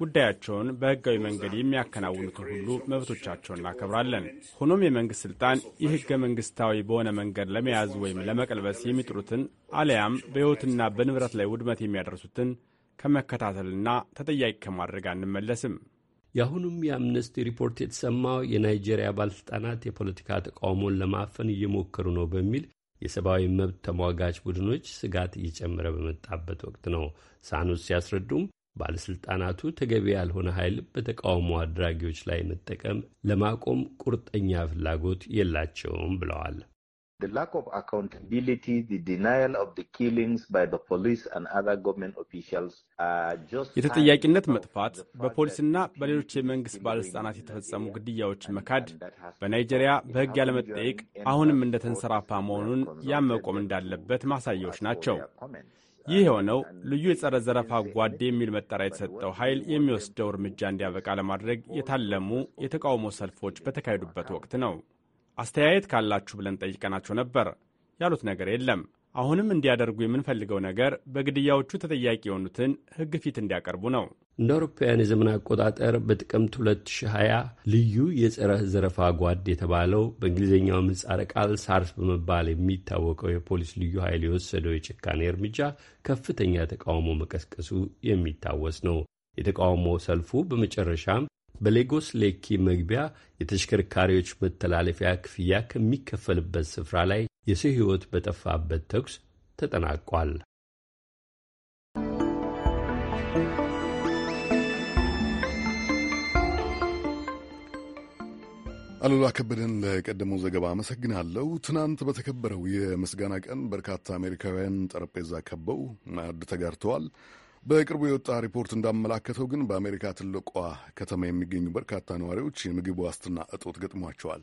ጉዳያቸውን በህጋዊ መንገድ የሚያከናውኑትን ሁሉ መብቶቻቸውን እናከብራለን። ሆኖም የመንግሥት ሥልጣን ህገ መንግሥታዊ በሆነ መንገድ ለመያዝ ወይም ለመቀልበስ የሚጥሩትን አሊያም በሕይወትና በንብረት ላይ ውድመት የሚያደርሱትን ከመከታተልና ተጠያቂ ከማድረግ አንመለስም። የአሁኑም የአምነስቲ ሪፖርት የተሰማው የናይጄሪያ ባለሥልጣናት የፖለቲካ ተቃውሞን ለማፈን እየሞከሩ ነው በሚል የሰብአዊ መብት ተሟጋች ቡድኖች ስጋት እየጨመረ በመጣበት ወቅት ነው። ሳኖስ ሲያስረዱም ባለሥልጣናቱ ተገቢ ያልሆነ ኃይል በተቃውሞ አድራጊዎች ላይ መጠቀም ለማቆም ቁርጠኛ ፍላጎት የላቸውም ብለዋል። The lack of accountability, the denial of the killings by the police and other government officials የተጠያቂነት መጥፋት፣ በፖሊስና በሌሎች የመንግሥት ባለሥልጣናት የተፈጸሙ ግድያዎች መካድ በናይጄሪያ በሕግ ያለመጠየቅ አሁንም እንደተንሰራፋ መሆኑን ያመቆም እንዳለበት ማሳያዎች ናቸው። uh, ይህ የሆነው ልዩ የጸረ ዘረፋ ጓዴ የሚል መጠሪያ የተሰጠው ኃይል የሚወስደው እርምጃ እንዲያበቃ ለማድረግ የታለሙ የተቃውሞ ሰልፎች በተካሄዱበት ወቅት ነው። አስተያየት ካላችሁ ብለን ጠይቀናቸው ነበር። ያሉት ነገር የለም። አሁንም እንዲያደርጉ የምንፈልገው ነገር በግድያዎቹ ተጠያቂ የሆኑትን ሕግ ፊት እንዲያቀርቡ ነው። እንደ አውሮፓውያን የዘመን አቆጣጠር በጥቅምት 2020 ልዩ የጸረ ዘረፋ ጓድ የተባለው በእንግሊዝኛው ምህጻረ ቃል ሳርስ በመባል የሚታወቀው የፖሊስ ልዩ ኃይል የወሰደው የጭካኔ እርምጃ ከፍተኛ ተቃውሞ መቀስቀሱ የሚታወስ ነው። የተቃውሞ ሰልፉ በመጨረሻም በሌጎስ ሌኪ መግቢያ የተሽከርካሪዎች መተላለፊያ ክፍያ ከሚከፈልበት ስፍራ ላይ የሰው ሕይወት በጠፋበት ተኩስ ተጠናቋል። አሉላ ከበደን ለቀደመው ዘገባ አመሰግናለሁ። ትናንት በተከበረው የምስጋና ቀን በርካታ አሜሪካውያን ጠረጴዛ ከበው ማዕድ ተጋርተዋል። በቅርቡ የወጣ ሪፖርት እንዳመላከተው ግን በአሜሪካ ትልቋ ከተማ የሚገኙ በርካታ ነዋሪዎች የምግብ ዋስትና እጦት ገጥሟቸዋል።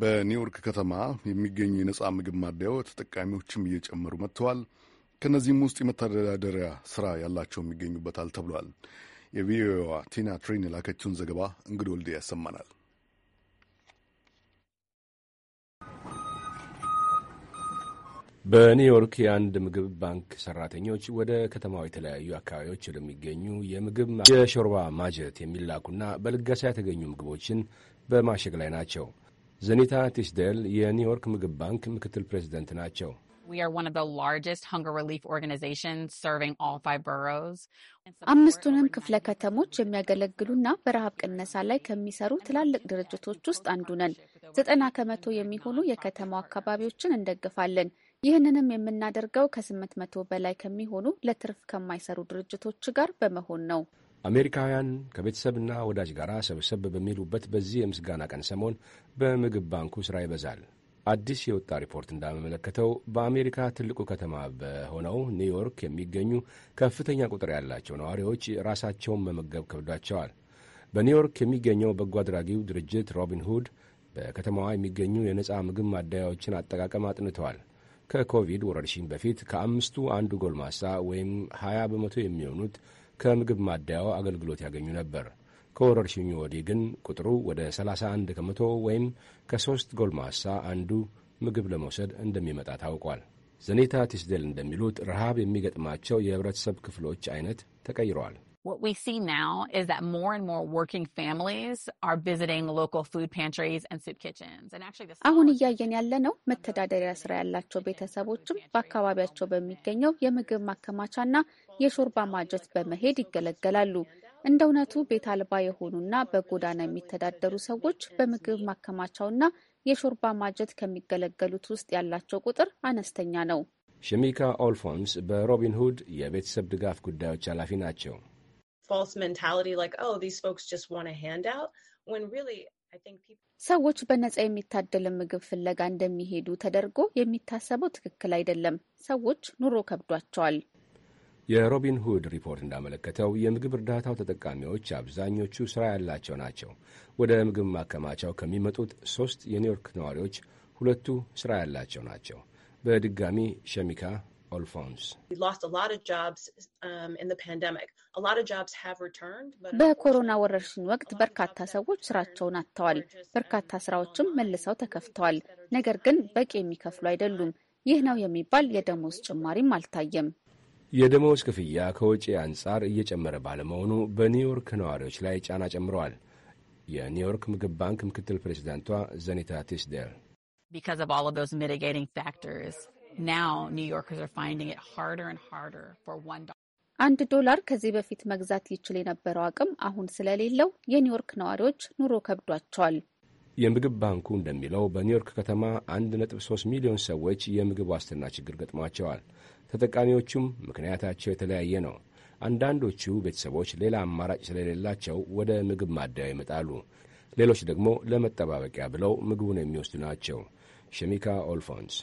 በኒውዮርክ ከተማ የሚገኙ የነፃ ምግብ ማደያው ተጠቃሚዎችም እየጨመሩ መጥተዋል። ከእነዚህም ውስጥ የመተዳደሪያ ስራ ያላቸው ይገኙበታል ተብሏል። የቪኦኤዋ ቲና ትሬን የላከችውን ዘገባ እንግዶ ወልዴ ያሰማናል። በኒውዮርክ የአንድ ምግብ ባንክ ሰራተኞች ወደ ከተማው የተለያዩ አካባቢዎች ወደሚገኙ የምግብ የሾርባ ማጀት የሚላኩና በልገሳ የተገኙ ምግቦችን በማሸግ ላይ ናቸው። ዘኒታ ቲስደል የኒውዮርክ ምግብ ባንክ ምክትል ፕሬዚደንት ናቸው። አምስቱንም ክፍለ ከተሞች የሚያገለግሉና በረሃብ ቅነሳ ላይ ከሚሰሩ ትላልቅ ድርጅቶች ውስጥ አንዱ ነን። ዘጠና ከመቶ የሚሆኑ የከተማው አካባቢዎችን እንደግፋለን። ይህንንም የምናደርገው ከስምንት መቶ በላይ ከሚሆኑ ለትርፍ ከማይሰሩ ድርጅቶች ጋር በመሆን ነው። አሜሪካውያን ከቤተሰብና ወዳጅ ጋር ሰብሰብ በሚሉበት በዚህ የምስጋና ቀን ሰሞን በምግብ ባንኩ ሥራ ይበዛል። አዲስ የወጣ ሪፖርት እንዳመለከተው በአሜሪካ ትልቁ ከተማ በሆነው ኒውዮርክ የሚገኙ ከፍተኛ ቁጥር ያላቸው ነዋሪዎች ራሳቸውን መመገብ ከብዷቸዋል። በኒውዮርክ የሚገኘው በጎ አድራጊው ድርጅት ሮቢን ሁድ በከተማዋ የሚገኙ የነፃ ምግብ ማደያዎችን አጠቃቀም አጥንተዋል። ከኮቪድ ወረርሽኝ በፊት ከአምስቱ አንዱ ጎልማሳ ወይም 20 በመቶ የሚሆኑት ከምግብ ማደያው አገልግሎት ያገኙ ነበር። ከወረርሽኙ ወዲህ ግን ቁጥሩ ወደ 31 ከመቶ ወይም ከሦስት ጎልማሳ አንዱ ምግብ ለመውሰድ እንደሚመጣ ታውቋል። ዘኔታ ቲስዴል እንደሚሉት ረሃብ የሚገጥማቸው የህብረተሰብ ክፍሎች አይነት ተቀይረዋል። What we see now is that more and more working families are visiting local food pantries and soup kitchens. And actually this አሁን እያየን ያለነው መተዳደሪያ ስራ ያላቸው ቤተሰቦችም በአካባቢያቸው በሚገኘው የምግብ ማከማቻና የሾርባ ማጀት በመሄድ ይገለገላሉ። እንደ እውነቱ ቤት አልባ የሆኑና በጎዳና የሚተዳደሩ ሰዎች በምግብ ማከማቻውና የሾርባ ማጀት ከሚገለገሉት ውስጥ ያላቸው ቁጥር አነስተኛ ነው። ሸሚካ ኦልፎንስ በሮቢን ሁድ የቤተሰብ ድጋፍ ጉዳዮች ኃላፊ ናቸው። false mentality like, oh, these folks just want a handout, when really ሰዎች በነጻ የሚታደልን ምግብ ፍለጋ እንደሚሄዱ ተደርጎ የሚታሰበው ትክክል አይደለም። ሰዎች ኑሮ ከብዷቸዋል። የሮቢን ሁድ ሪፖርት እንዳመለከተው የምግብ እርዳታው ተጠቃሚዎች አብዛኞቹ ስራ ያላቸው ናቸው። ወደ ምግብ ማከማቻው ከሚመጡት ሶስት የኒውዮርክ ነዋሪዎች ሁለቱ ስራ ያላቸው ናቸው። በድጋሚ ሸሚካ ኦልፎንስ um, በኮሮና ወረርሽኝ ወቅት በርካታ ሰዎች ስራቸውን አጥተዋል። በርካታ ስራዎችም መልሰው ተከፍተዋል። ነገር ግን በቂ የሚከፍሉ አይደሉም። ይህ ነው የሚባል የደሞዝ ጭማሪም አልታየም። የደሞዝ ክፍያ ከወጪ አንጻር እየጨመረ ባለመሆኑ በኒውዮርክ ነዋሪዎች ላይ ጫና ጨምረዋል። የኒውዮርክ ምግብ ባንክ ምክትል ፕሬዚዳንቷ ዘኒታ ቲስደር now New Yorkers are finding it harder and harder for one dollar. አንድ ዶላር ከዚህ በፊት መግዛት ይችል የነበረው አቅም አሁን ስለሌለው የኒውዮርክ ነዋሪዎች ኑሮ ከብዷቸዋል። የምግብ ባንኩ እንደሚለው በኒውዮርክ ከተማ 1.3 ሚሊዮን ሰዎች የምግብ ዋስትና ችግር ገጥሟቸዋል። ተጠቃሚዎቹም ምክንያታቸው የተለያየ ነው። አንዳንዶቹ ቤተሰቦች ሌላ አማራጭ ስለሌላቸው ወደ ምግብ ማደያ ይመጣሉ። ሌሎች ደግሞ ለመጠባበቂያ ብለው ምግቡን የሚወስዱ ናቸው። ሸሚካ ኦልፎንስ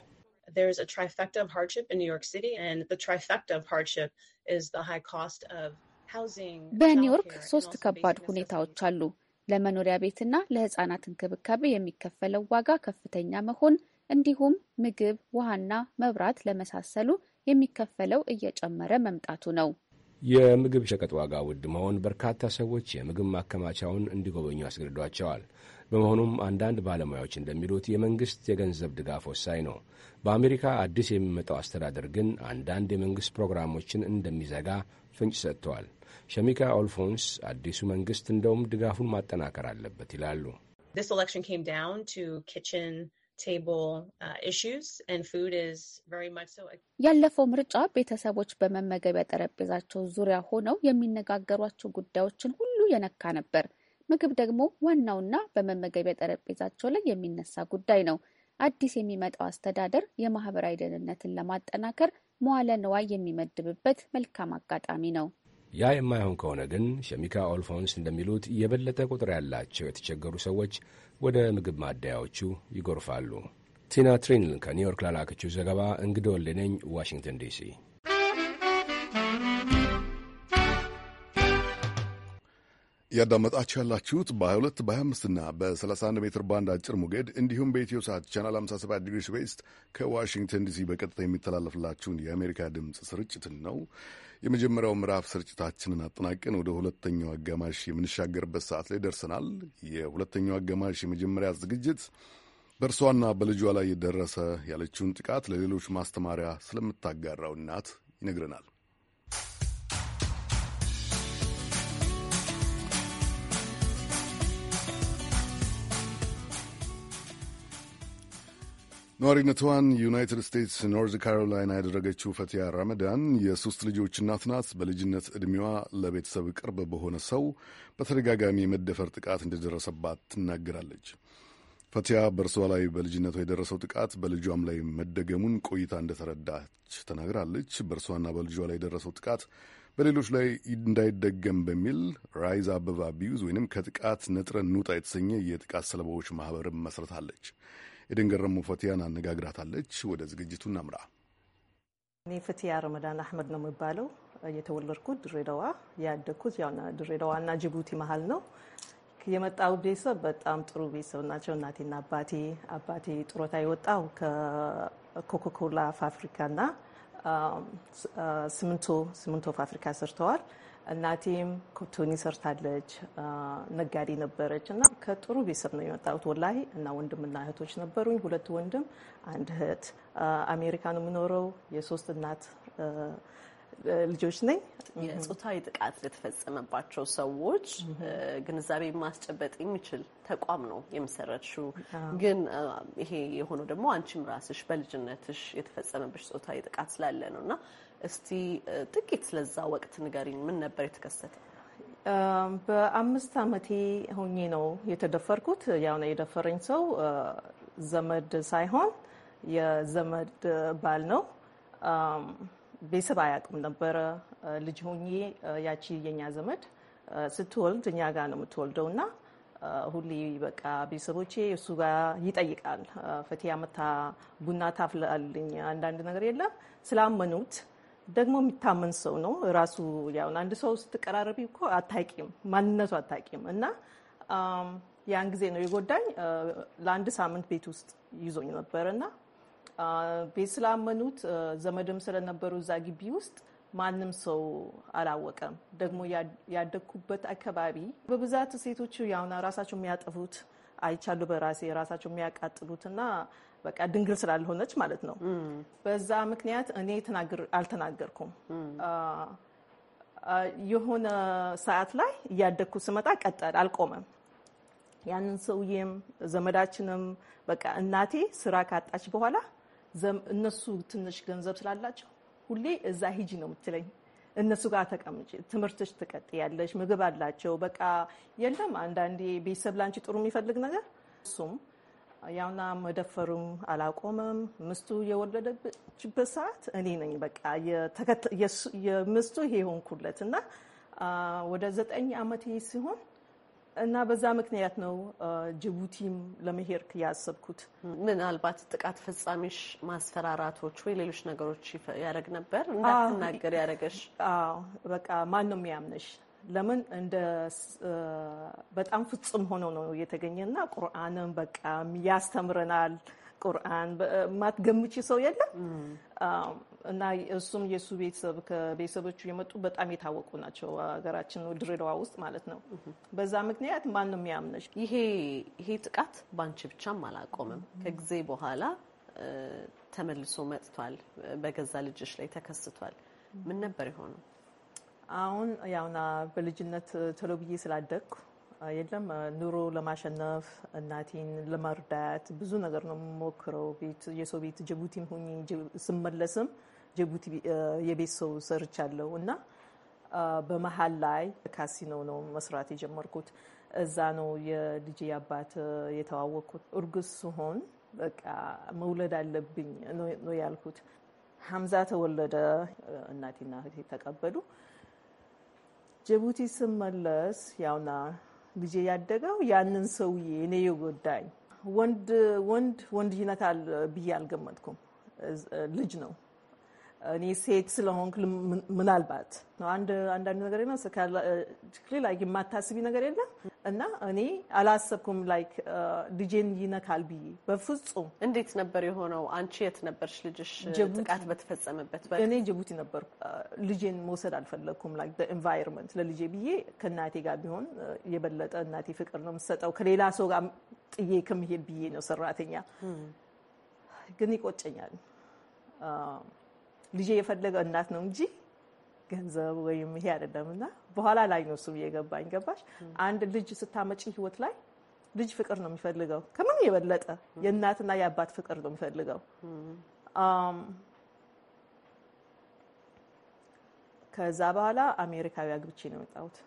there's a trifecta of hardship in New York City, and the trifecta of hardship is the high cost of housing. በኒውዮርክ ሶስት ከባድ ሁኔታዎች አሉ። ለመኖሪያ ቤትና ለሕፃናት እንክብካቤ የሚከፈለው ዋጋ ከፍተኛ መሆን እንዲሁም ምግብ፣ ውሃና መብራት ለመሳሰሉ የሚከፈለው እየጨመረ መምጣቱ ነው። የምግብ ሸቀጥ ዋጋ ውድ መሆን በርካታ ሰዎች የምግብ ማከማቻውን እንዲጎበኙ አስገድዷቸዋል። በመሆኑም አንዳንድ ባለሙያዎች እንደሚሉት የመንግሥት የገንዘብ ድጋፍ ወሳኝ ነው። በአሜሪካ አዲስ የሚመጣው አስተዳደር ግን አንዳንድ የመንግሥት ፕሮግራሞችን እንደሚዘጋ ፍንጭ ሰጥተዋል። ሸሚካ ኦልፎንስ አዲሱ መንግሥት እንደውም ድጋፉን ማጠናከር አለበት ይላሉ። uh, ያለፈው ምርጫ ቤተሰቦች በመመገቢያ ጠረጴዛቸው ዙሪያ ሆነው የሚነጋገሯቸው ጉዳዮችን ሁሉ የነካ ነበር። ምግብ ደግሞ ዋናውና በመመገቢያ ጠረጴዛቸው ላይ የሚነሳ ጉዳይ ነው። አዲስ የሚመጣው አስተዳደር የማህበራዊ ደህንነትን ለማጠናከር መዋለ ንዋይ የሚመድብበት መልካም አጋጣሚ ነው። ያ የማይሆን ከሆነ ግን ሸሚካ ኦልፎንስ እንደሚሉት የበለጠ ቁጥር ያላቸው የተቸገሩ ሰዎች ወደ ምግብ ማደያዎቹ ይጎርፋሉ። ቲና ትሪንል ከኒውዮርክ ላላከችው ዘገባ እንግዶ ወልዴ ነኝ ዋሽንግተን ዲሲ። እያዳመጣችሁ ያላችሁት በ22 በ25ና በ31 ሜትር ባንድ አጭር ሞገድ እንዲሁም በኢትዮ ሰዓት ቻናል 57 ዲግሪስ ዌስት ከዋሽንግተን ዲሲ በቀጥታ የሚተላለፍላችሁን የአሜሪካ ድምፅ ስርጭትን ነው። የመጀመሪያው ምዕራፍ ስርጭታችንን አጠናቀን ወደ ሁለተኛው አጋማሽ የምንሻገርበት ሰዓት ላይ ደርሰናል። የሁለተኛው አጋማሽ የመጀመሪያ ዝግጅት በእርሷና በልጇ ላይ የደረሰ ያለችውን ጥቃት ለሌሎች ማስተማሪያ ስለምታጋራው እናት ይነግረናል። ነዋሪነቷን ዩናይትድ ስቴትስ ኖርዝ ካሮላይና ያደረገችው ፈቲያ ረመዳን የሶስት ልጆች እናት ናት። በልጅነት ዕድሜዋ ለቤተሰብ ቅርብ በሆነ ሰው በተደጋጋሚ የመደፈር ጥቃት እንደደረሰባት ትናገራለች። ፈቲያ በእርሷ ላይ በልጅነቷ የደረሰው ጥቃት በልጇም ላይ መደገሙን ቆይታ እንደተረዳች ተናግራለች። በእርሷና በልጇ ላይ የደረሰው ጥቃት በሌሎች ላይ እንዳይደገም በሚል ራይዝ አበባ ቢዩዝ ወይንም ከጥቃት ነጥረን ኑጣ የተሰኘ የጥቃት ሰለባዎች ማህበርም መስርታለች። የደንገረሙ ፈትያን አነጋግራታለች። ወደ ዝግጅቱ እናምራ። እኔ ፍትያ ረመዳን አህመድ ነው የሚባለው። የተወለድኩት ድሬዳዋ፣ ያደግኩት ድሬዳዋ እና ጅቡቲ መሀል ነው። የመጣው ቤተሰብ በጣም ጥሩ ቤተሰብ ናቸው። እናቴና አባቴ አባቴ ጡረታ የወጣው ከኮካኮላ ፋብሪካና ስምንቶ ስምንቶ ፋብሪካ ሰርተዋል። እናቴም ኮቶኒ ሰርታለች፣ ነጋዴ ነበረች እና ከጥሩ ቤተሰብ ነው የመጣሁት ወላሂ። እና ወንድምና እህቶች ነበሩኝ፣ ሁለት ወንድም፣ አንድ እህት። አሜሪካ ነው የምኖረው። የሶስት እናት ልጆች ነኝ። የጾታዊ ጥቃት ለተፈጸመባቸው ሰዎች ግንዛቤ ማስጨበጥ የሚችል ተቋም ነው የምሰረችው። ግን ይሄ የሆነው ደግሞ አንቺም ራስሽ በልጅነትሽ የተፈጸመብሽ ጾታዊ ጥቃት ስላለ ነው እና እስቲ ጥቂት ስለዛ ወቅት ንገሪኝ። ምን ነበር የተከሰተ? በአምስት አመቴ ሆኜ ነው የተደፈርኩት። ያው የደፈረኝ ሰው ዘመድ ሳይሆን የዘመድ ባል ነው። ቤተሰብ አያውቅም ነበረ። ልጅ ሆኜ ያቺ የኛ ዘመድ ስትወልድ እኛ ጋር ነው የምትወልደው እና ሁሌ በቃ ቤተሰቦቼ እሱ ጋር ይጠይቃል። ፈቴ መታ ቡና ታፍላልኝ አንዳንድ ነገር የለም ስላመኑት ደግሞ የሚታመን ሰው ነው ራሱ። ያው አንድ ሰው ስትቀራረቢ እኮ አታቂም፣ ማንነቱ አታቂም። እና ያን ጊዜ ነው የጎዳኝ። ለአንድ ሳምንት ቤት ውስጥ ይዞኝ ነበር እና ቤት ስላመኑት ዘመድም ስለነበሩ እዛ ግቢ ውስጥ ማንም ሰው አላወቀም። ደግሞ ያደግኩበት አካባቢ በብዛት ሴቶች ያውና ራሳቸው የሚያጠፉት አይቻሉ በራሴ ራሳቸው የሚያቃጥሉትና በቃ ድንግል ስላልሆነች ማለት ነው። በዛ ምክንያት እኔ አልተናገርኩም። የሆነ ሰዓት ላይ እያደግኩ ስመጣ ቀጠል አልቆመም። ያንን ሰውዬም ዘመዳችንም በቃ እናቴ ስራ ካጣች በኋላ እነሱ ትንሽ ገንዘብ ስላላቸው ሁሌ እዛ ሂጂ ነው የምትለኝ። እነሱ ጋር ተቀምጭ፣ ትምህርትሽ ትቀጥያለሽ፣ ምግብ አላቸው። በቃ የለም አንዳንዴ ቤተሰብ ላንቺ ጥሩ የሚፈልግ ነገር እሱም ያውና መደፈሩም አላቆመም። ምስቱ የወለደችበት ሰዓት እኔ ነኝ በቃ የምስቱ የሆንኩለት እና ወደ ዘጠኝ ዓመት ሲሆን እና በዛ ምክንያት ነው ጅቡቲም ለመሄድ ያሰብኩት። ምናልባት ጥቃት ፈጻሚሽ ማስፈራራቶች ወይ ሌሎች ነገሮች ያደረግ ነበር እንዳትናገር ያደረገሽ? በቃ ማን ነው የሚያምነሽ? ለምን እንደ በጣም ፍጹም ሆኖ ነው የተገኘ የተገኘና ቁርአንም በቃ ያስተምረናል ቁርአን ማትገምቺ ሰው የለም እና እሱም የእሱ ቤተሰብ ከቤተሰቦቹ የመጡ በጣም የታወቁ ናቸው፣ ሀገራችን ድሬዳዋ ውስጥ ማለት ነው። በዛ ምክንያት ማንም ነው ይሄ ይሄ ጥቃት በአንቺ ብቻም አላቆምም። ከጊዜ በኋላ ተመልሶ መጥቷል። በገዛ ልጆች ላይ ተከስቷል። ምን ነበር የሆነው? አሁን ያውና በልጅነት ተለብዬ ስላደግኩ የለም ኑሮ ለማሸነፍ እናቴን ለመርዳት ብዙ ነገር ነው የምሞክረው። የሰው ቤት ጅቡቲም ሁኝ ስመለስም ጅቡቲ የቤት ሰው ሰርቻለሁ እና በመሀል ላይ ካሲኖ ነው መስራት የጀመርኩት። እዛ ነው የልጅ አባት የተዋወቅኩት። እርጉዝ ስሆን በቃ መውለድ አለብኝ ነው ያልኩት። ሀምዛ ተወለደ። እናቴና እህቴ ተቀበሉ። ጅቡቲ ስመለስ ያውና ልጄ ያደገው ያንን ሰውዬ እኔ የጎዳኝ ወንድ ወንድ ወንድ ይነካል ብዬ አልገመትኩም። ልጅ ነው እኔ ሴት ስለሆንክ ምናልባት ነው አንዳንድ ነገር ላይክ የማታስቢ ነገር የለም እና እኔ አላሰብኩም ላይክ ልጄን ይነካል ብዬ በፍጹም። እንዴት ነበር የሆነው? አንቺ የት ነበርሽ ልጅሽ ጥቃት በተፈጸመበት? እኔ ጅቡቲ ነበርኩ። ልጄን መውሰድ አልፈለግኩም ላይክ በኤንቫይሮንመንት ለልጄ ብዬ ከእናቴ ጋር ቢሆን የበለጠ እናቴ ፍቅር ነው የምትሰጠው ከሌላ ሰው ጋር ጥዬ ከምሄድ ብዬ ነው ሰራተኛ ግን ይቆጨኛል ልጄ የፈለገ እናት ነው እንጂ ገንዘብ ወይም ይሄ አይደለም። እና በኋላ ላይ ነው እሱም የገባኝ። ገባሽ? አንድ ልጅ ስታመጪ ህይወት ላይ ልጅ ፍቅር ነው የሚፈልገው፣ ከምን የበለጠ የእናትና የአባት ፍቅር ነው የሚፈልገው። ከዛ በኋላ አሜሪካዊ አግብቼ ነው የመጣሁት።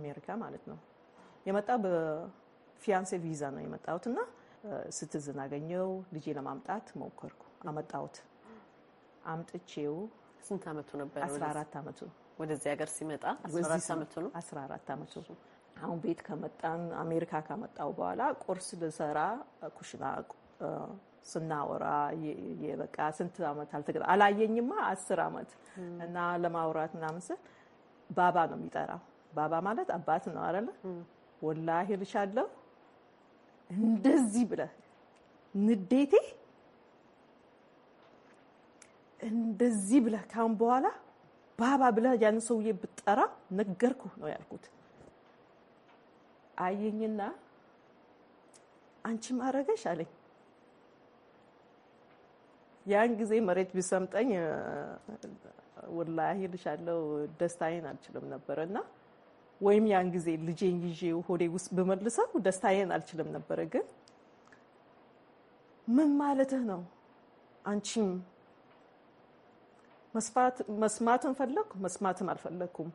አሜሪካ ማለት ነው የመጣው በፊያንሴ ቪዛ ነው የመጣሁት እና ስትዝን አገኘው ልጄ ለማምጣት ሞከርኩ፣ አመጣሁት። አምጥቼው ስንት አመቱ ነበር? አስራ አራት አመቱ ወደዚህ ሀገር ሲመጣ አስራ አመቱ ነው። አስራ አራት አመቱ አሁን ቤት ከመጣን አሜሪካ ከመጣው በኋላ ቁርስ ልሰራ ኩሽና ስናወራ የበቃ ስንት አመት አልተገ አላየኝማ አስር አመት እና ለማውራት ምናምን ስል ባባ ነው የሚጠራው። ባባ ማለት አባት ነው አይደለ? ወላሂ ልሻለሁ እንደዚህ ብለህ ንዴቴ እንደዚህ ብለ ካሁን በኋላ ባባ ብለ ያን ሰውዬ ብጠራ ነገርኩ ነው ያልኩት። አየኝና አንቺ ማረገሽ አለኝ። ያን ጊዜ መሬት ቢሰምጠኝ ወላ ልሻለው ደስታዬን አልችልም ነበረ እና ወይም ያን ጊዜ ልጄን ይዤ ሆዴ ውስጥ ብመልሰው ደስታዬን አልችልም ነበረ። ግን ምን ማለትህ ነው አንቺም መስማትን ፈለግኩ መስማትም አልፈለግኩም።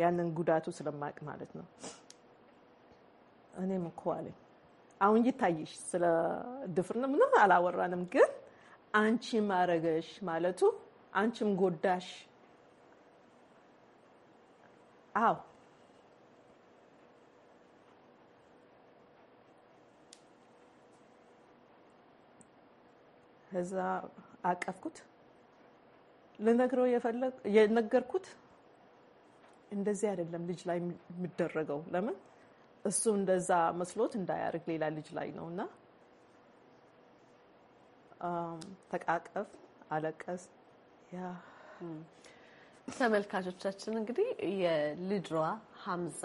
ያንን ጉዳቱ ስለማቅ ማለት ነው። እኔም እኮ አለኝ አሁን ይታይሽ ስለ ድፍር ነው ምንም አላወራንም፣ ግን አንቺም አረገሽ ማለቱ አንቺም ጎዳሽ። አዎ ከዛ አቀፍኩት። ልነግረው የነገርኩት እንደዚህ አይደለም ልጅ ላይ የሚደረገው። ለምን እሱ እንደዛ መስሎት እንዳያርግ ሌላ ልጅ ላይ ነው እና ተቃቀፍ፣ አለቀስ። ያ ተመልካቾቻችን እንግዲህ የልድሯ ሀምዛ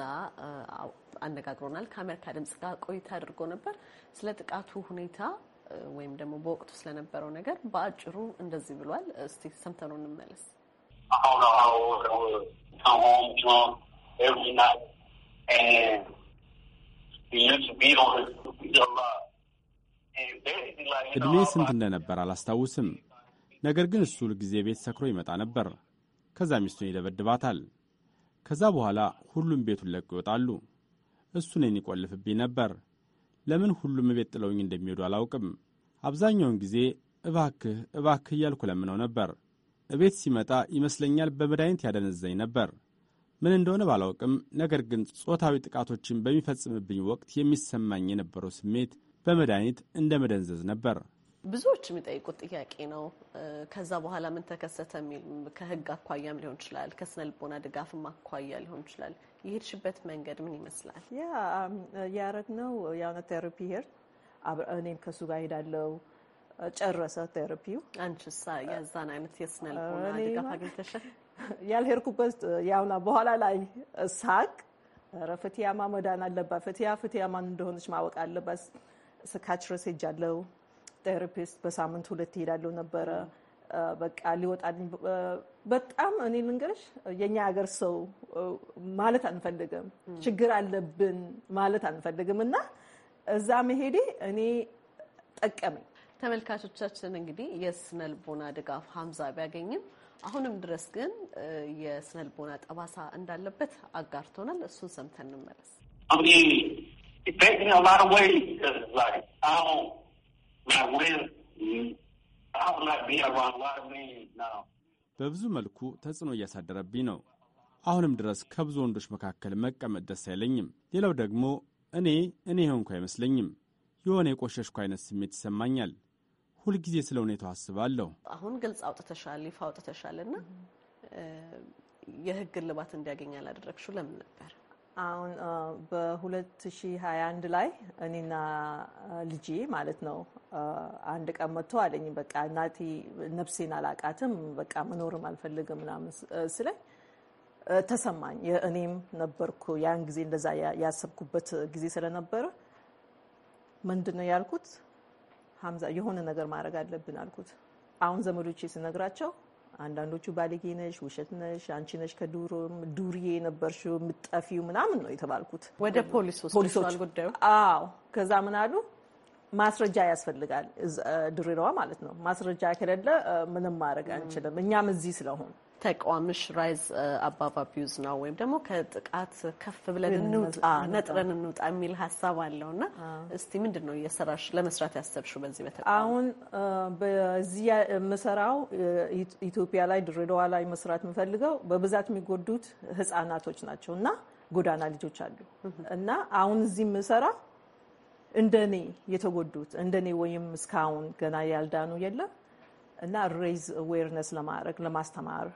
አነጋግሮናል። ከአሜሪካ ድምጽ ጋር ቆይታ አድርጎ ነበር ስለ ጥቃቱ ሁኔታ ወይም ደግሞ በወቅቱ ስለነበረው ነገር በአጭሩ እንደዚህ ብሏል። እስቲ ሰምተነው እንመለስ። እድሜ ስንት እንደነበር አላስታውስም። ነገር ግን እሱ ሁልጊዜ ቤት ሰክሮ ይመጣ ነበር። ከዛ ሚስቱን ይደበድባታል። ከዛ በኋላ ሁሉም ቤቱን ለቀው ይወጣሉ። እሱ እኔን ይቆልፍብኝ ነበር። ለምን ሁሉም ቤት ጥለውኝ እንደሚሄዱ አላውቅም። አብዛኛውን ጊዜ እባክህ እባክህ እያልኩ ለምነው ነበር። እቤት ሲመጣ ይመስለኛል በመድኃኒት ያደነዘኝ ነበር። ምን እንደሆነ ባላውቅም፣ ነገር ግን ጾታዊ ጥቃቶችን በሚፈጽምብኝ ወቅት የሚሰማኝ የነበረው ስሜት በመድኃኒት እንደ መደንዘዝ ነበር። ብዙዎች የሚጠይቁት ጥያቄ ነው። ከዛ በኋላ ምን ተከሰተ የሚል ከህግ አኳያም ሊሆን ይችላል፣ ከስነ ልቦና ድጋፍም አኳያ ሊሆን ይችላል። የሄድሽበት መንገድ ምን ይመስላል? ያ ነው የሆነ ቴራፒ ሄድ እኔም ከሱ ጋር ሄዳለው። ጨረሰ ቴራፒው። አንቺሳ የዛን አይነት የስነ ልቦና ድጋፍ አግኝተሻል? ያልሄድኩበት ያውና በኋላ ላይ ሳቅ ኧረ ፍትያማ መዳን አለባት፣ ፍትያ ፍትያ ማን እንደሆነች ማወቅ አለባት። ስካችረስ ሄጃለው። ቴራፒስት በሳምንት ሁለት ሄዳለው ነበረ በቃ ሊወጣልኝ በጣም እኔ ልንገርሽ፣ የኛ ሀገር ሰው ማለት አንፈልግም፣ ችግር አለብን ማለት አንፈልግም። እና እዛ መሄዴ እኔ ጠቀመኝ። ተመልካቾቻችን እንግዲህ የስነልቦና ድጋፍ ሀምዛ ቢያገኝም አሁንም ድረስ ግን የስነልቦና ጠባሳ እንዳለበት አጋርቶናል። እሱን ሰምተን እንመለስ። በብዙ መልኩ ተጽዕኖ እያሳደረብኝ ነው። አሁንም ድረስ ከብዙ ወንዶች መካከል መቀመጥ ደስ አይለኝም። ሌላው ደግሞ እኔ እኔ የሆንኩ አይመስለኝም። የሆነ የቆሸሽኩ አይነት ስሜት ይሰማኛል። ሁልጊዜ ስለ ሁኔታው አስባለሁ። አሁን ግልጽ አውጥተሻል፣ ይፋ አውጥተሻል እና የህግ እልባት እንዲያገኝ አላደረግሽው ለምን ነበር? አሁን በ2021 ላይ እኔና ልጄ ማለት ነው አንድ ቀን መጥቶ አለኝ። በቃ እናቴ ነፍሴን አላቃትም፣ በቃ መኖርም አልፈልግም ምናምን ስለኝ ተሰማኝ። እኔም ነበርኩ ያን ጊዜ እንደዛ ያሰብኩበት ጊዜ ስለነበረ ምንድን ነው ያልኩት፣ ሀምዛ የሆነ ነገር ማድረግ አለብን አልኩት። አሁን ዘመዶቼ ስነግራቸው አንዳንዶቹ ባለጌ ነሽ፣ ውሸት ነሽ፣ አንቺ ነሽ ከዱሮ ዱርዬ የነበርሽው የምጠፊው ምናምን ነው የተባልኩት። ወደ ፖሊሶች ጉዳዩ። አዎ ከዛ ምን አሉ ማስረጃ ያስፈልጋል። ድሬዳዋ ማለት ነው። ማስረጃ ከሌለ ምንም ማድረግ አንችልም። እኛም እዚህ ስለሆን ተቃዋሚሽ ራይዝ አባባ ቢዩዝ ነው ወይም ደግሞ ከጥቃት ከፍ ብለን እንውጣ፣ ነጥረን እንውጣ የሚል ሀሳብ አለው እና እስቲ ምንድን ነው እየሰራሽ ለመስራት ያሰብሹ? በዚህ በተ አሁን በዚህ የምሰራው ኢትዮጵያ ላይ ድሬዳዋ ላይ መስራት የምፈልገው በብዛት የሚጎዱት ህጻናቶች ናቸው እና ጎዳና ልጆች አሉ እና አሁን እዚህ የምሰራ እንደኔ የተጎዱት እንደኔ ወይም እስካሁን ገና ያልዳኑ የለም እና ሬዝ አዌርነስ ለማድረግ ለማስተማር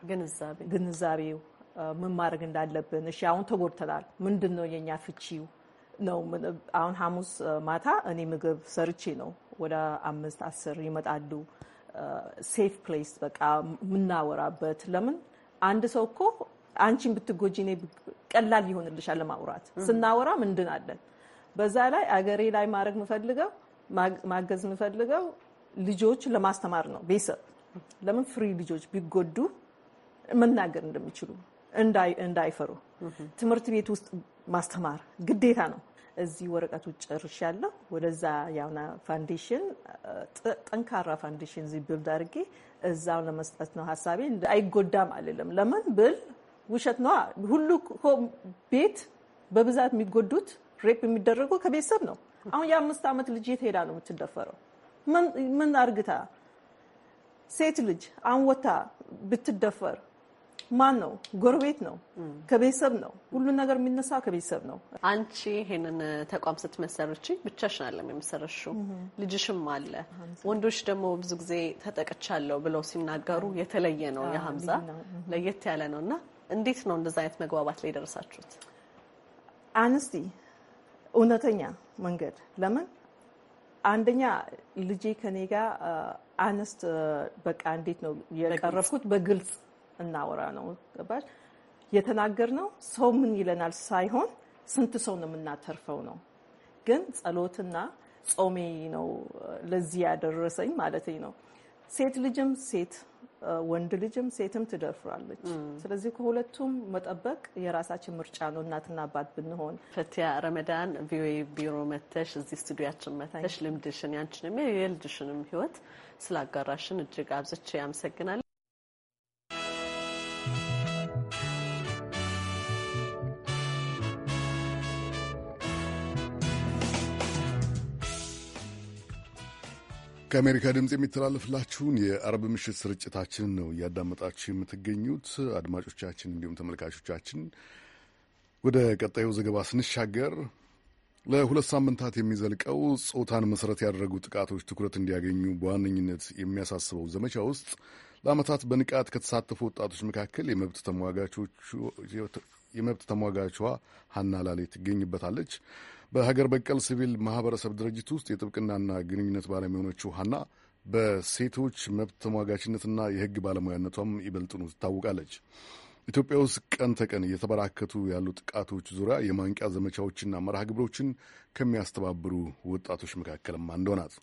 ግንዛቤው ምን ማድረግ እንዳለብን። እሺ አሁን ተጎድተናል፣ ምንድን ነው የኛ ፍቺው ነው። አሁን ሐሙስ ማታ እኔ ምግብ ሰርቼ ነው ወደ አምስት አስር ይመጣሉ። ሴፍ ፕሌስ በቃ የምናወራበት ለምን አንድ ሰው እኮ አንቺን ብትጎጂ እኔ ቀላል ይሆንልሻል ለማውራት ስናወራ ምንድን አለን በዛ ላይ አገሬ ላይ ማድረግ የምፈልገው ማገዝ የምፈልገው ልጆች ለማስተማር ነው። ቤተሰብ ለምን ፍሪ ልጆች ቢጎዱ መናገር እንደሚችሉ እንዳይፈሩ ትምህርት ቤት ውስጥ ማስተማር ግዴታ ነው። እዚህ ወረቀቱ ጨርሻለሁ። ወደዛ ያውና ፋንዴሽን ጠንካራ ፋንዴሽን እዚህ ቢልድ አድርጌ እዛው ለመስጠት ነው ሀሳቤ። አይጎዳም አልልም። ለምን ብል ውሸት ነዋ? ሁሉ ቤት በብዛት የሚጎዱት ሬፕ የሚደረገው ከቤተሰብ ነው። አሁን የአምስት ዓመት ልጅ የት ሄዳ ነው የምትደፈረው? ምን አርግታ? ሴት ልጅ አንወታ ብትደፈር ማን ነው? ጎረቤት ነው፣ ከቤተሰብ ነው። ሁሉን ነገር የሚነሳ ከቤተሰብ ነው። አንቺ ይሄንን ተቋም ስትመሰርች ብቻሽን አለም የመሰረችው ልጅሽም አለ። ወንዶች ደግሞ ብዙ ጊዜ ተጠቅቻለሁ ብለው ሲናገሩ የተለየ ነው የሀምዛ ለየት ያለ ነው እና እንዴት ነው እንደዛ አይነት መግባባት ላይ ደረሳችሁት? አንስቲ እውነተኛ መንገድ ለምን አንደኛ ልጄ ከኔ ጋር አነስት በቃ እንዴት ነው የቀረብኩት፣ በግልጽ እናወራ ነው ገባሽ? የተናገር ነው ሰው ምን ይለናል ሳይሆን ስንት ሰው ነው የምናተርፈው ነው። ግን ጸሎትና ጾሜ ነው ለዚህ ያደረሰኝ ማለት ነው። ሴት ልጅም ሴት ወንድ ልጅም ሴትም ትደፍራለች። ስለዚህ ከሁለቱም መጠበቅ የራሳችን ምርጫ ነው። እናትና አባት ብንሆን። ፈቲያ ረመዳን፣ ቪኦኤ ቢሮ መተሽ እዚህ ስቱዲያችን መተሽ ልምድሽን ያንችንም የልጅሽንም ህይወት ስላጋራሽን እጅግ አብዝቼ ያመሰግናል። ከአሜሪካ ድምፅ የሚተላለፍላችሁን የአረብ ምሽት ስርጭታችንን ነው እያዳመጣችሁ የምትገኙት አድማጮቻችን፣ እንዲሁም ተመልካቾቻችን። ወደ ቀጣዩ ዘገባ ስንሻገር ለሁለት ሳምንታት የሚዘልቀው ጾታን መሰረት ያደረጉ ጥቃቶች ትኩረት እንዲያገኙ በዋነኝነት የሚያሳስበው ዘመቻ ውስጥ ለአመታት በንቃት ከተሳተፉ ወጣቶች መካከል የመብት ተሟጋቾች የመብት ተሟጋቿ ሀና ላሌ ትገኝበታለች። በሀገር በቀል ሲቪል ማህበረሰብ ድርጅት ውስጥ የጥብቅናና ግንኙነት ባለሙያ ሀና በሴቶች መብት ተሟጋችነትና የህግ ባለሙያነቷም ይበልጥኑ ትታወቃለች። ኢትዮጵያ ውስጥ ቀን ተቀን እየተበራከቱ ያሉ ጥቃቶች ዙሪያ የማንቂያ ዘመቻዎችና መርሃ ግብሮችን ከሚያስተባብሩ ወጣቶች መካከልም አንዷ ናት።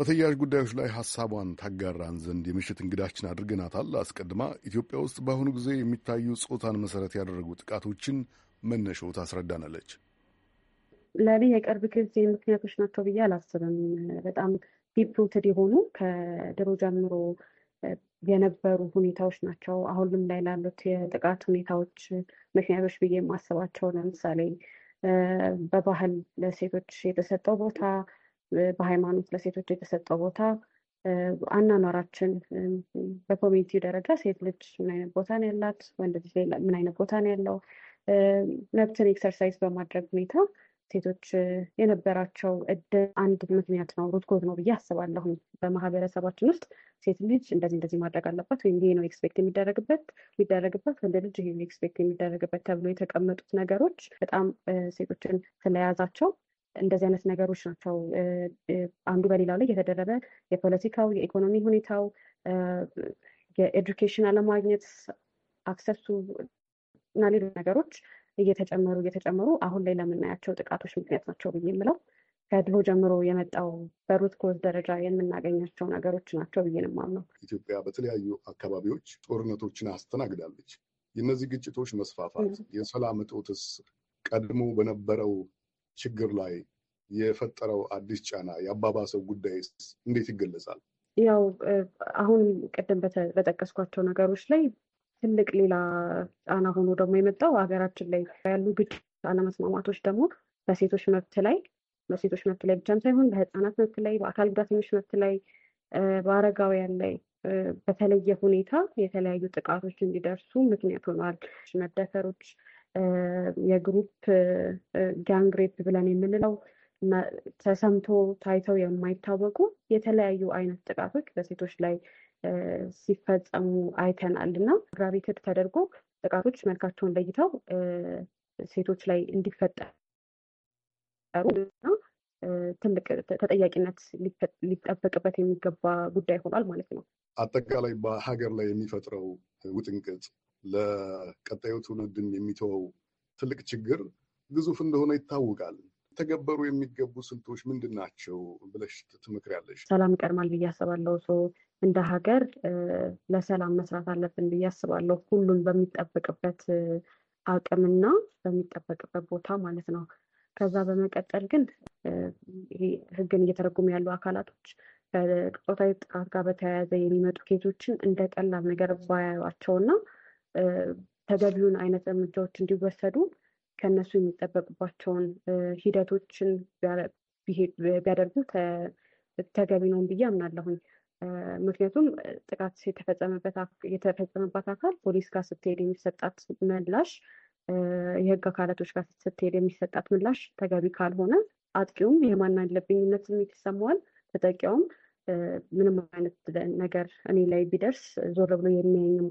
በተያያዥ ጉዳዮች ላይ ሀሳቧን ታጋራን ዘንድ የምሽት እንግዳችን አድርገናታል። አስቀድማ ኢትዮጵያ ውስጥ በአሁኑ ጊዜ የሚታዩ ጾታን መሰረት ያደረጉ ጥቃቶችን መነሾው ታስረዳናለች። ለእኔ የቅርብ ጊዜ ምክንያቶች ናቸው ብዬ አላስብም። በጣም ዲፕሩትድ የሆኑ ከድሮ ጀምሮ የነበሩ ሁኔታዎች ናቸው። አሁንም ላይ ላሉት የጥቃት ሁኔታዎች ምክንያቶች ብዬ የማስባቸው ለምሳሌ በባህል ለሴቶች የተሰጠው ቦታ በሃይማኖት ለሴቶች የተሰጠው ቦታ አናኗራችን በኮሚኒቲ ደረጃ ሴት ልጅ ምን አይነት ቦታ ነው ያላት፣ ወንድ ልጅ ምን አይነት ቦታ ነው ያለው፣ መብትን ኤክሰርሳይዝ በማድረግ ሁኔታ ሴቶች የነበራቸው እድል አንድ ምክንያት ነው፣ ሩት ኮዝ ነው ብዬ አስባለሁ። በማህበረሰባችን ውስጥ ሴት ልጅ እንደዚህ እንደዚህ ማድረግ አለባት ወይም ይሄ ነው ኤክስፔክት የሚደረግበት የሚደረግበት ወንድ ልጅ ይሄ ነው ኤክስፔክት የሚደረግበት ተብሎ የተቀመጡት ነገሮች በጣም ሴቶችን ስለያዛቸው እንደዚህ አይነት ነገሮች ናቸው አንዱ በሌላው ላይ የተደረበ የፖለቲካው፣ የኢኮኖሚ ሁኔታው፣ የኤዱኬሽን አለማግኘት፣ አክሰሱ እና ሌሎች ነገሮች እየተጨመሩ እየተጨመሩ አሁን ላይ ለምናያቸው ጥቃቶች ምክንያት ናቸው ብዬ የምለው ከድሮ ጀምሮ የመጣው በሩት ኮዝ ደረጃ የምናገኛቸው ነገሮች ናቸው ብዬ ነው ኢትዮጵያ በተለያዩ አካባቢዎች ጦርነቶችን አስተናግዳለች። የእነዚህ ግጭቶች መስፋፋት የሰላም እጦትስ ቀድሞ በነበረው ችግር ላይ የፈጠረው አዲስ ጫና የአባባሰው ጉዳይ እንዴት ይገለጻል? ያው አሁን ቅድም በጠቀስኳቸው ነገሮች ላይ ትልቅ ሌላ ጫና ሆኖ ደግሞ የመጣው ሀገራችን ላይ ያሉ ግጭት፣ አለመስማማቶች ደግሞ በሴቶች መብት ላይ በሴቶች መብት ላይ ብቻም ሳይሆን በህፃናት መብት ላይ፣ በአካል ጉዳተኞች መብት ላይ፣ በአረጋውያን ላይ በተለየ ሁኔታ የተለያዩ ጥቃቶች እንዲደርሱ ምክንያት ሆኗል። መደፈሮች የግሩፕ ጋንግ ሬፕ ብለን የምንለው ተሰምቶ ታይተው የማይታወቁ የተለያዩ አይነት ጥቃቶች በሴቶች ላይ ሲፈጸሙ አይተናል እና አግራቤትድ ተደርጎ ጥቃቶች መልካቸውን ለይተው ሴቶች ላይ እንዲፈጠሩ ትልቅ ተጠያቂነት ሊጠበቅበት የሚገባ ጉዳይ ሆኗል ማለት ነው። አጠቃላይ በሀገር ላይ የሚፈጥረው ውጥንቅጥ ለቀጣዩ ትውልድን የሚተወው ትልቅ ችግር ግዙፍ እንደሆነ ይታወቃል። ተገበሩ የሚገቡ ስልቶች ምንድን ናቸው ብለሽ ትመክሪያለሽ? ሰላም ይቀድማል ብዬ አስባለሁ። ሰው እንደ ሀገር ለሰላም መስራት አለብን ብዬ አስባለሁ። ሁሉም በሚጠበቅበት አቅምና በሚጠበቅበት ቦታ ማለት ነው። ከዛ በመቀጠል ግን ህግን እየተረጉሙ ያሉ አካላቶች ከጾታዊ ጥቃት ጋር በተያያዘ የሚመጡ ኬቶችን እንደ ቀላል ነገር ባያዩዋቸውና ተገቢውን አይነት እርምጃዎች እንዲወሰዱ ከእነሱ የሚጠበቅባቸውን ሂደቶችን ቢያደርጉ ተገቢ ነው ብዬ አምናለሁኝ። ምክንያቱም ጥቃት የተፈጸመበት አካል ፖሊስ ጋር ስትሄድ የሚሰጣት ምላሽ፣ የህግ አካላቶች ጋር ስትሄድ የሚሰጣት ምላሽ ተገቢ ካልሆነ አጥቂውም የማና ለብኝነት ስሜት ይሰማዋል። ተጠቂያውም ምንም አይነት ነገር እኔ ላይ ቢደርስ ዞር ብሎ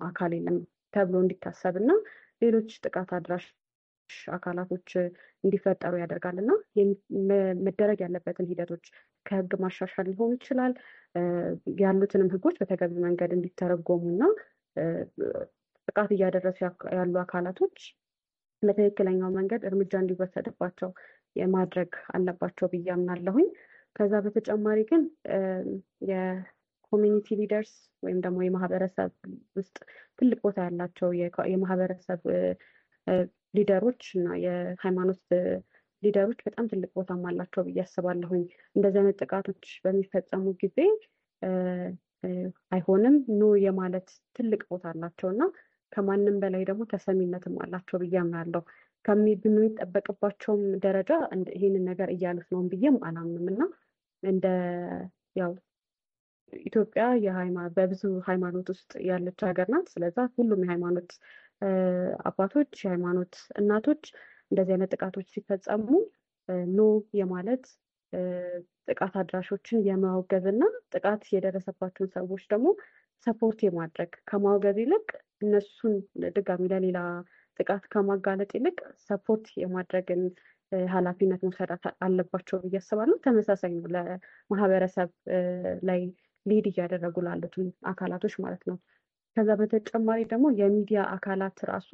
አካል የለም ተብሎ እንዲታሰብ እና ሌሎች ጥቃት አድራሽ አካላቶች እንዲፈጠሩ ያደርጋል እና መደረግ ያለበትን ሂደቶች ከህግ ማሻሻል ሊሆን ይችላል ያሉትንም ህጎች በተገቢ መንገድ እንዲተረጎሙ እና ጥቃት እያደረሱ ያሉ አካላቶች በትክክለኛው መንገድ እርምጃ እንዲወሰድባቸው የማድረግ አለባቸው ብዬ አምናለሁኝ። ከዛ በተጨማሪ ግን ኮሚኒቲ ሊደርስ ወይም ደግሞ የማህበረሰብ ውስጥ ትልቅ ቦታ ያላቸው የማህበረሰብ ሊደሮች እና የሃይማኖት ሊደሮች በጣም ትልቅ ቦታም አላቸው ብዬ አስባለሁኝ። እንደዚህ አይነት ጥቃቶች በሚፈጸሙ ጊዜ አይሆንም ኖ የማለት ትልቅ ቦታ አላቸው እና ከማንም በላይ ደግሞ ተሰሚነትም አላቸው ብዬ አምናለሁ። ከሚጠበቅባቸውም ደረጃ ይህንን ነገር እያሉት ነው ብዬም አላምንም እና እንደ ያው ኢትዮጵያ በብዙ ሃይማኖት ውስጥ ያለች ሀገር ናት። ስለዛ ሁሉም የሃይማኖት አባቶች፣ የሃይማኖት እናቶች እንደዚህ አይነት ጥቃቶች ሲፈጸሙ ኖ የማለት ጥቃት አድራሾችን የማወገዝ እና ጥቃት የደረሰባቸውን ሰዎች ደግሞ ሰፖርት የማድረግ ከማውገዝ ይልቅ እነሱን ድጋሚ ለሌላ ጥቃት ከማጋለጥ ይልቅ ሰፖርት የማድረግን ኃላፊነት መውሰዳት አለባቸው ብዬ አስባለሁ። ተመሳሳይ ነው ለማህበረሰብ ላይ ሊድ እያደረጉ ላሉት አካላቶች ማለት ነው። ከዛ በተጨማሪ ደግሞ የሚዲያ አካላት ራሱ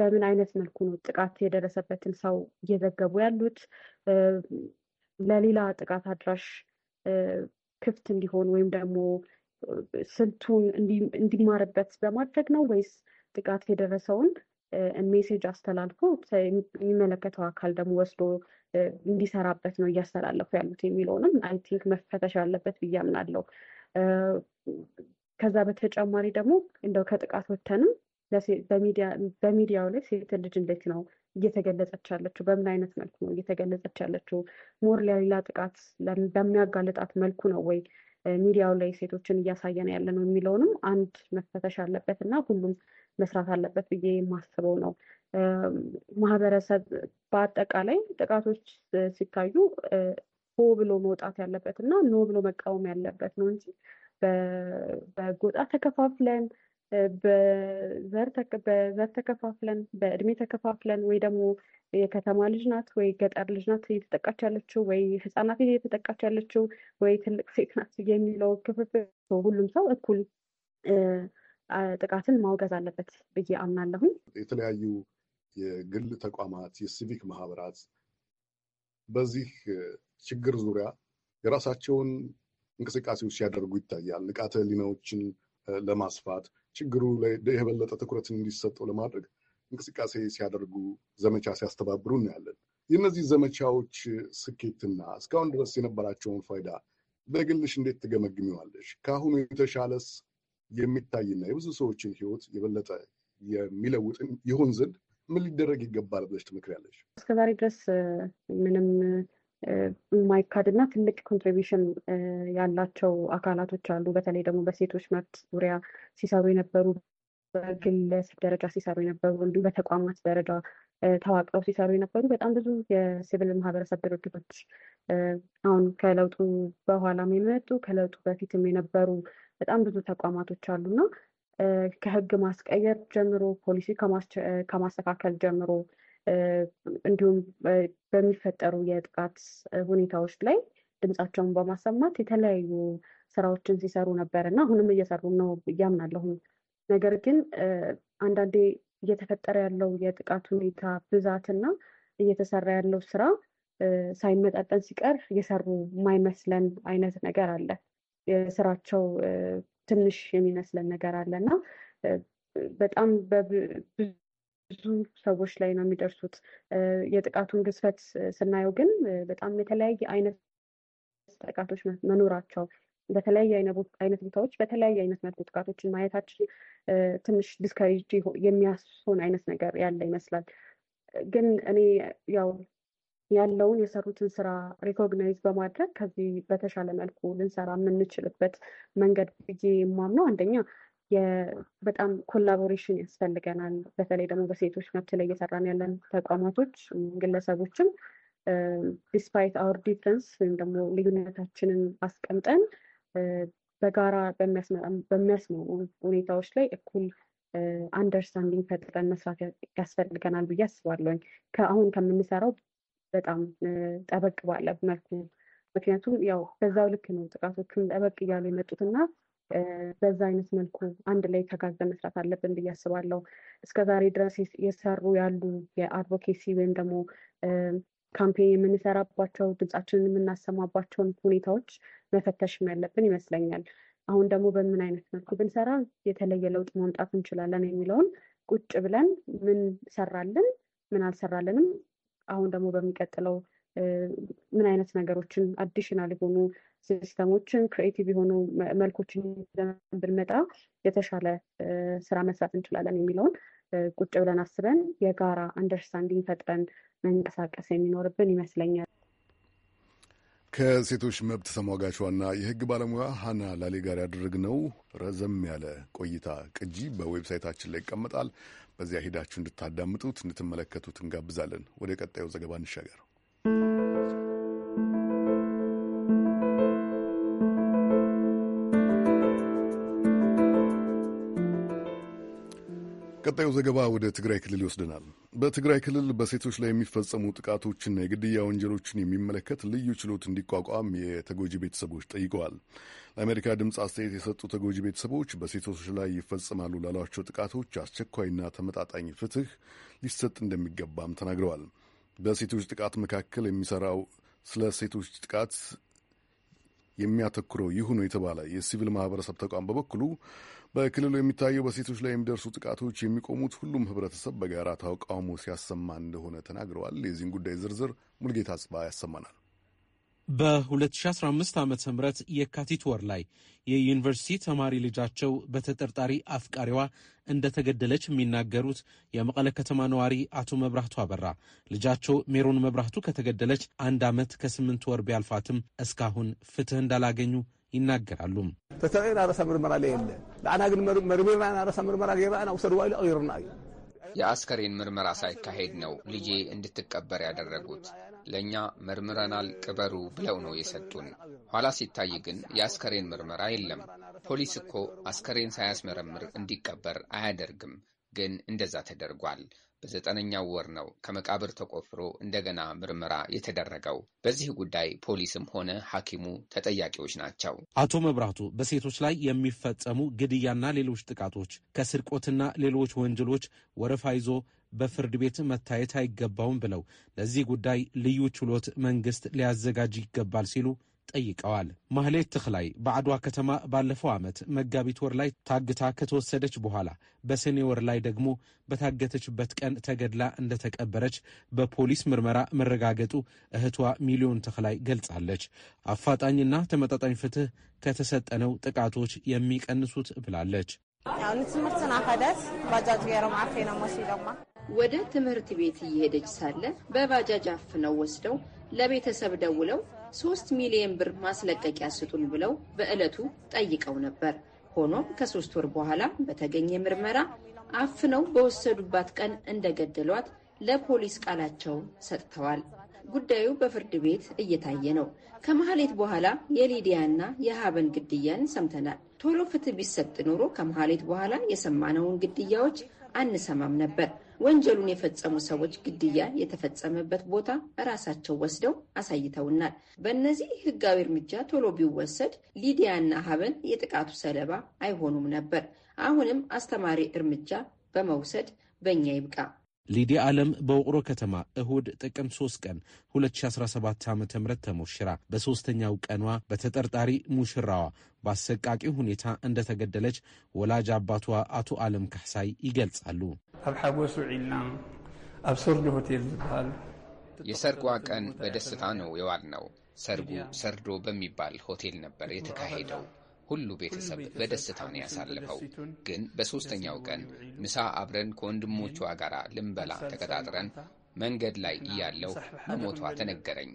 በምን አይነት መልኩ ነው ጥቃት የደረሰበትን ሰው እየዘገቡ ያሉት ለሌላ ጥቃት አድራሽ ክፍት እንዲሆን ወይም ደግሞ ስልቱን እንዲማርበት በማድረግ ነው ወይስ ጥቃት የደረሰውን ሜሴጅ አስተላልፎ የሚመለከተው አካል ደግሞ ወስዶ እንዲሰራበት ነው እያስተላለፉ ያሉት የሚለውንም አይ ቲንክ መፈተሽ ያለበት ብዬ አምናለሁ። ከዛ በተጨማሪ ደግሞ እንደው ከጥቃት ወተንም በሚዲያው ላይ ሴት ልጅ እንዴት ነው እየተገለጸች ያለችው? በምን አይነት መልኩ ነው እየተገለጸች ያለችው? ሞር ለሌላ ጥቃት በሚያጋልጣት መልኩ ነው ወይ ሚዲያው ላይ ሴቶችን እያሳየን ያለ ነው የሚለውንም አንድ መፈተሽ አለበት እና ሁሉም መስራት አለበት ብዬ የማስበው ነው። ማህበረሰብ በአጠቃላይ ጥቃቶች ሲታዩ ሆ ብሎ መውጣት ያለበት እና ኖ ብሎ መቃወም ያለበት ነው እንጂ በጎጣ ተከፋፍለን በዘር ተከፋፍለን በእድሜ ተከፋፍለን ወይ ደግሞ የከተማ ልጅ ናት ወይ ገጠር ልጅ ናት እየተጠቃች ያለችው ወይ ህፃናት እየተጠቃች ያለችው ወይ ትልቅ ሴት ናት የሚለው ክፍፍል ሁሉም ሰው እኩል ጥቃትን ማውገዝ አለበት ብዬ አምናለሁኝ። የተለያዩ የግል ተቋማት፣ የሲቪክ ማህበራት በዚህ ችግር ዙሪያ የራሳቸውን እንቅስቃሴዎች ሲያደርጉ ይታያል። ንቃተ ህሊናዎችን ለማስፋት ችግሩ ላይ የበለጠ ትኩረት እንዲሰጠው ለማድረግ እንቅስቃሴ ሲያደርጉ፣ ዘመቻ ሲያስተባብሩ እናያለን። የእነዚህ ዘመቻዎች ስኬትና እስካሁን ድረስ የነበራቸውን ፋይዳ በግልሽ እንዴት ትገመግሚዋለሽ? ከአሁኑ የተሻለስ የሚታይና የብዙ ሰዎችን ህይወት የበለጠ የሚለውጥ ይሆን ዘንድ ምን ሊደረግ ይገባል ብለሽ ትመክሪያለሽ? ዛሬ ድረስ ምንም ማይካድ እና ትልቅ ኮንትሪቢሽን ያላቸው አካላቶች አሉ። በተለይ ደግሞ በሴቶች መብት ዙሪያ ሲሰሩ የነበሩ፣ በግለሰብ ደረጃ ሲሰሩ የነበሩ እንዲሁም በተቋማት ደረጃ ተዋቅረው ሲሰሩ የነበሩ በጣም ብዙ የሲቪል ማህበረሰብ ድርጅቶች አሁን ከለውጡ በኋላም የመጡ ከለውጡ በፊትም የነበሩ በጣም ብዙ ተቋማቶች አሉና ከህግ ማስቀየር ጀምሮ ፖሊሲ ከማስተካከል ጀምሮ እንዲሁም በሚፈጠሩ የጥቃት ሁኔታዎች ላይ ድምጻቸውን በማሰማት የተለያዩ ስራዎችን ሲሰሩ ነበር እና አሁንም እየሰሩ ነው እያምናለሁ። ነገር ግን አንዳንዴ እየተፈጠረ ያለው የጥቃት ሁኔታ ብዛት እና እየተሰራ ያለው ስራ ሳይመጣጠን ሲቀር የሰሩ የማይመስለን አይነት ነገር አለ። የስራቸው ትንሽ የሚመስለን ነገር አለ እና በጣም ብዙ ሰዎች ላይ ነው የሚደርሱት። የጥቃቱን ግዝፈት ስናየው ግን በጣም የተለያየ አይነት ጥቃቶች መኖራቸው በተለያየ አይነት ቦታዎች በተለያየ አይነት መልኩ ጥቃቶችን ማየታችን ትንሽ ዲስከሬጅ የሚያስሆን አይነት ነገር ያለ ይመስላል። ግን እኔ ያው ያለውን የሰሩትን ስራ ሪኮግናይዝ በማድረግ ከዚህ በተሻለ መልኩ ልንሰራ የምንችልበት መንገድ ብዬ የማምነው አንደኛ በጣም ኮላቦሬሽን ያስፈልገናል። በተለይ ደግሞ በሴቶች መብት ላይ እየሰራን ያለን ተቋማቶች፣ ግለሰቦችም ዲስፓይት አወር ዲፍረንስ ወይም ደግሞ ልዩነታችንን አስቀምጠን በጋራ በሚያስማሙ ሁኔታዎች ላይ እኩል አንደርስታንዲንግ ፈጥረን መስራት ያስፈልገናል ብዬ አስባለሁኝ። ከአሁን ከምንሰራው በጣም ጠበቅ ባለ መልኩ ምክንያቱም ያው በዛው ልክ ነው ጥቃቶቹን ጠበቅ እያሉ የመጡትና በዛ አይነት መልኩ አንድ ላይ ተጋግዘን መስራት አለብን ብዬ አስባለሁ። እስከ ዛሬ ድረስ የሰሩ ያሉ የአድቮኬሲ ወይም ደግሞ ካምፔን የምንሰራባቸው ድምጻችንን የምናሰማባቸውን ሁኔታዎች መፈተሽም ያለብን ይመስለኛል። አሁን ደግሞ በምን አይነት መልኩ ብንሰራ የተለየ ለውጥ ማምጣት እንችላለን የሚለውን ቁጭ ብለን ምን ሰራልን፣ ምን አልሰራልንም አሁን ደግሞ በሚቀጥለው ምን አይነት ነገሮችን አዲሽናል የሆኑ ሲስተሞችን ክሬቲቭ የሆኑ መልኮችን ብንመጣ የተሻለ ስራ መስራት እንችላለን የሚለውን ቁጭ ብለን አስበን የጋራ አንደርስታንዲንግ ፈጥረን መንቀሳቀስ የሚኖርብን ይመስለኛል። ከሴቶች መብት ተሟጋቿና የሕግ ባለሙያ ሀና ላሌ ጋር ያደረግነው ረዘም ያለ ቆይታ ቅጂ በዌብሳይታችን ላይ ይቀመጣል። በዚያ ሄዳችሁ እንድታዳምጡት፣ እንድትመለከቱት እንጋብዛለን። ወደ ቀጣዩ ዘገባ እንሻገር። ቀጣዩ ዘገባ ወደ ትግራይ ክልል ይወስደናል። በትግራይ ክልል በሴቶች ላይ የሚፈጸሙ ጥቃቶችና የግድያ ወንጀሎችን የሚመለከት ልዩ ችሎት እንዲቋቋም የተጎጂ ቤተሰቦች ጠይቀዋል። ለአሜሪካ ድምፅ አስተያየት የሰጡ ተጎጂ ቤተሰቦች በሴቶች ላይ ይፈጸማሉ ላሏቸው ጥቃቶች አስቸኳይና ተመጣጣኝ ፍትህ ሊሰጥ እንደሚገባም ተናግረዋል። በሴቶች ጥቃት መካከል የሚሰራው ስለ ሴቶች ጥቃት የሚያተኩረው ይሁኑ የተባለ የሲቪል ማህበረሰብ ተቋም በበኩሉ በክልሉ የሚታየው በሴቶች ላይ የሚደርሱ ጥቃቶች የሚቆሙት ሁሉም ህብረተሰብ በጋራ ተቃውሞ ሲያሰማ እንደሆነ ተናግረዋል። የዚህን ጉዳይ ዝርዝር ሙልጌታ አጽባ ያሰማናል። በ2015 ዓ ም የካቲት ወር ላይ የዩኒቨርሲቲ ተማሪ ልጃቸው በተጠርጣሪ አፍቃሪዋ እንደተገደለች የሚናገሩት የመቀለ ከተማ ነዋሪ አቶ መብራቱ አበራ ልጃቸው ሜሮን መብራቱ ከተገደለች አንድ ዓመት ከስምንት ወር ቢያልፋትም እስካሁን ፍትህ እንዳላገኙ ይናገራሉ። የአስከሬን ምርመራ ሳይካሄድ ነው ልጄ እንድትቀበር ያደረጉት። ለእኛ መርምረናል ቅበሩ ብለው ነው የሰጡን። ኋላ ሲታይ ግን የአስከሬን ምርመራ የለም። ፖሊስ እኮ አስከሬን ሳያስመረምር እንዲቀበር አያደርግም። ግን እንደዛ ተደርጓል። በዘጠነኛው ወር ነው ከመቃብር ተቆፍሮ እንደገና ምርመራ የተደረገው። በዚህ ጉዳይ ፖሊስም ሆነ ሐኪሙ ተጠያቂዎች ናቸው። አቶ መብራቱ በሴቶች ላይ የሚፈጸሙ ግድያና ሌሎች ጥቃቶች ከስርቆትና ሌሎች ወንጀሎች ወረፋ ይዞ በፍርድ ቤት መታየት አይገባውም ብለው ለዚህ ጉዳይ ልዩ ችሎት መንግስት ሊያዘጋጅ ይገባል ሲሉ ጠይቀዋል። ማህሌት ትክላይ በአድዋ ከተማ ባለፈው ዓመት መጋቢት ወር ላይ ታግታ ከተወሰደች በኋላ በሰኔ ወር ላይ ደግሞ በታገተችበት ቀን ተገድላ እንደተቀበረች በፖሊስ ምርመራ መረጋገጡ እህቷ ሚሊዮን ተክላይ ገልጻለች። አፋጣኝና ተመጣጣኝ ፍትህ ከተሰጠነው ጥቃቶች የሚቀንሱት ብላለች። ወደ ትምህርት ቤት እየሄደች ሳለ በባጃጅ አፍነው ወስደው ለቤተሰብ ደውለው ሶስት ሚሊዮን ብር ማስለቀቂያ ስጡን ብለው በዕለቱ ጠይቀው ነበር። ሆኖም ከሶስት ወር በኋላ በተገኘ ምርመራ አፍነው በወሰዱባት ቀን እንደገደሏት ለፖሊስ ቃላቸው ሰጥተዋል። ጉዳዩ በፍርድ ቤት እየታየ ነው። ከመሐሌት በኋላ የሊዲያና የሀበን ግድያን ሰምተናል። ቶሎ ፍትህ ቢሰጥ ኖሮ ከመሐሌት በኋላ የሰማነውን ግድያዎች አንሰማም ነበር። ወንጀሉን የፈጸሙ ሰዎች ግድያ የተፈጸመበት ቦታ ራሳቸው ወስደው አሳይተውናል። በእነዚህ ህጋዊ እርምጃ ቶሎ ቢወሰድ ሊዲያና ሀበን የጥቃቱ ሰለባ አይሆኑም ነበር። አሁንም አስተማሪ እርምጃ በመውሰድ በእኛ ይብቃ። ሊዲያ ዓለም በውቅሮ ከተማ እሁድ ጥቅም 3 ቀን 2017 ዓ ም ተሞሽራ በሦስተኛው ቀኗ በተጠርጣሪ ሙሽራዋ በአሰቃቂ ሁኔታ እንደተገደለች ወላጅ አባቷ አቶ ዓለም ካሕሳይ ይገልጻሉ። ኣብ ሓጎሱ ዒልና ኣብ ሰርዶ ሆቴል ዝበሃል የሰርጓ ቀን በደስታ ነው የዋል ነው። ሰርጉ ሰርዶ በሚባል ሆቴል ነበር የተካሄደው። ሁሉ ቤተሰብ በደስታውን ነው ያሳለፈው። ግን በሦስተኛው ቀን ምሳ አብረን ከወንድሞቿ ጋር ልንበላ ተቀጣጥረን መንገድ ላይ እያለው መሞቷ ተነገረኝ።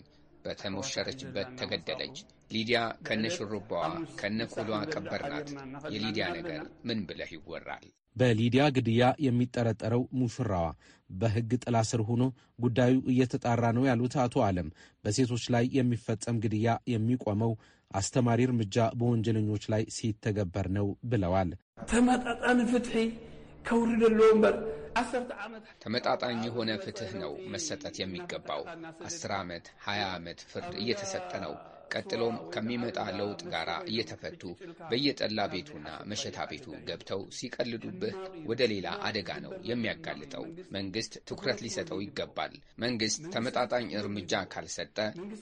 በተሞሸረችበት ተገደለች። ሊዲያ ከነ ሽሩባዋ ከነ ቆሏ ቀበርናት። የሊዲያ ነገር ምን ብለህ ይወራል? በሊዲያ ግድያ የሚጠረጠረው ሙሽራዋ በሕግ ጥላ ስር ሆኖ ጉዳዩ እየተጣራ ነው ያሉት አቶ አለም በሴቶች ላይ የሚፈጸም ግድያ የሚቆመው አስተማሪ እርምጃ በወንጀለኞች ላይ ሲተገበር ነው ብለዋል። ተመጣጣን ፍትሒ ከውርደሎ እምበር ተመጣጣኝ የሆነ ፍትህ ነው መሰጠት የሚገባው። አስር ዓመት ሀያ ዓመት ፍርድ እየተሰጠ ነው። ቀጥሎም ከሚመጣ ለውጥ ጋር እየተፈቱ በየጠላ ቤቱና መሸታ ቤቱ ገብተው ሲቀልዱብህ ወደ ሌላ አደጋ ነው የሚያጋልጠው። መንግስት ትኩረት ሊሰጠው ይገባል። መንግስት ተመጣጣኝ እርምጃ ካልሰጠ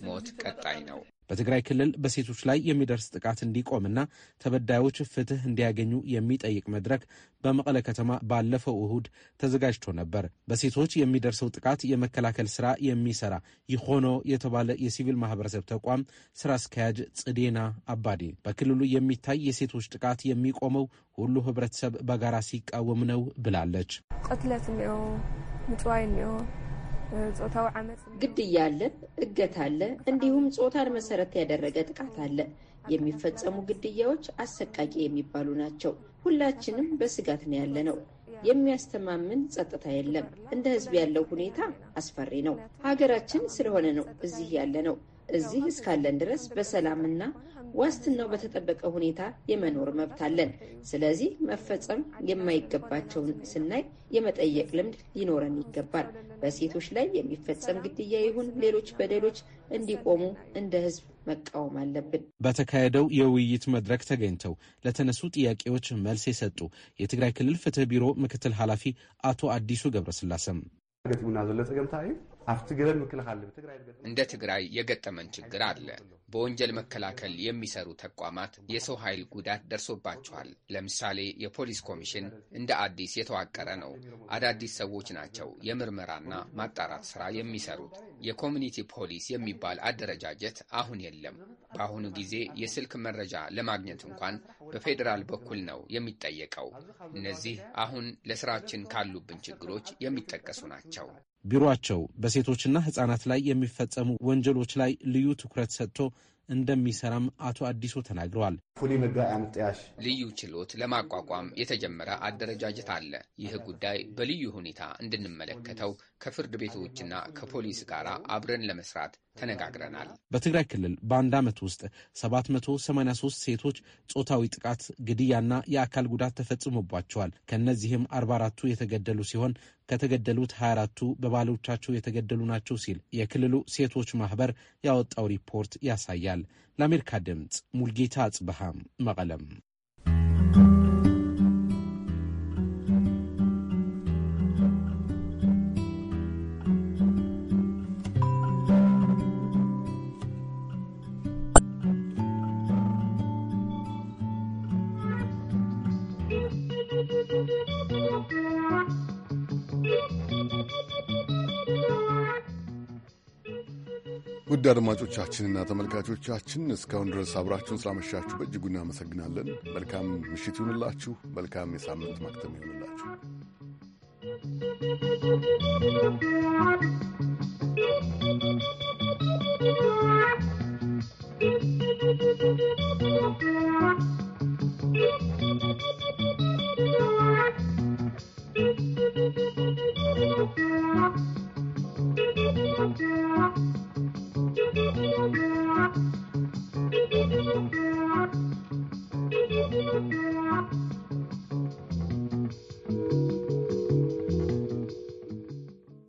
ሞት ቀጣይ ነው። በትግራይ ክልል በሴቶች ላይ የሚደርስ ጥቃት እንዲቆምና ተበዳዮች ፍትህ እንዲያገኙ የሚጠይቅ መድረክ በመቀለ ከተማ ባለፈው እሁድ ተዘጋጅቶ ነበር። በሴቶች የሚደርሰው ጥቃት የመከላከል ስራ የሚሰራ ይሆኖ የተባለ የሲቪል ማህበረሰብ ተቋም ስራ አስኪያጅ ጽዴና አባዴ በክልሉ የሚታይ የሴቶች ጥቃት የሚቆመው ሁሉ ህብረተሰብ በጋራ ሲቃወም ነው ብላለች። ቅትለት እኒኦ ምጽዋይ እኒኦ ጾታዊ ዓመፅ፣ ግድያ አለ፣ እገት አለ፣ እንዲሁም ጾታን መሰረት ያደረገ ጥቃት አለ። የሚፈጸሙ ግድያዎች አሰቃቂ የሚባሉ ናቸው። ሁላችንም በስጋት ነው ያለ ነው። የሚያስተማምን ጸጥታ የለም። እንደ ህዝብ ያለው ሁኔታ አስፈሪ ነው። ሀገራችን ስለሆነ ነው እዚህ ያለ ነው። እዚህ እስካለን ድረስ በሰላምና ዋስትናው በተጠበቀ ሁኔታ የመኖር መብት አለን። ስለዚህ መፈጸም የማይገባቸውን ስናይ የመጠየቅ ልምድ ሊኖረን ይገባል። በሴቶች ላይ የሚፈጸም ግድያ ይሁን ሌሎች በደሎች እንዲቆሙ እንደ ህዝብ መቃወም አለብን። በተካሄደው የውይይት መድረክ ተገኝተው ለተነሱ ጥያቄዎች መልስ የሰጡ የትግራይ ክልል ፍትህ ቢሮ ምክትል ኃላፊ አቶ አዲሱ ገብረስላሰም እንደ ትግራይ የገጠመን ችግር አለ። በወንጀል መከላከል የሚሰሩ ተቋማት የሰው ኃይል ጉዳት ደርሶባቸዋል። ለምሳሌ የፖሊስ ኮሚሽን እንደ አዲስ የተዋቀረ ነው። አዳዲስ ሰዎች ናቸው የምርመራና ማጣራት ስራ የሚሰሩት። የኮሚኒቲ ፖሊስ የሚባል አደረጃጀት አሁን የለም። በአሁኑ ጊዜ የስልክ መረጃ ለማግኘት እንኳን በፌዴራል በኩል ነው የሚጠየቀው። እነዚህ አሁን ለስራችን ካሉብን ችግሮች የሚጠቀሱ ናቸው። ቢሮአቸው በሴቶችና ህጻናት ላይ የሚፈጸሙ ወንጀሎች ላይ ልዩ ትኩረት ሰጥቶ እንደሚሰራም አቶ አዲሱ ተናግረዋል። ልዩ ችሎት ለማቋቋም የተጀመረ አደረጃጀት አለ። ይህ ጉዳይ በልዩ ሁኔታ እንድንመለከተው ከፍርድ ቤቶችና ከፖሊስ ጋር አብረን ለመስራት ተነጋግረናል። በትግራይ ክልል በአንድ ዓመት ውስጥ 783 ሴቶች ጾታዊ ጥቃት፣ ግድያና የአካል ጉዳት ተፈጽሞባቸዋል። ከእነዚህም 44ቱ የተገደሉ ሲሆን ከተገደሉት 24ቱ በባሎቻቸው የተገደሉ ናቸው ሲል የክልሉ ሴቶች ማህበር ያወጣው ሪፖርት ያሳያል። ለአሜሪካ ድምፅ ሙልጌታ አጽበሃም መቀለም አድማጮቻችንና ተመልካቾቻችን እስካሁን ድረስ አብራችሁን ስላመሻችሁ በእጅጉ እናመሰግናለን። መልካም ምሽት ይሁንላችሁ። መልካም የሳምንት ማክተም ይሁንላችሁ።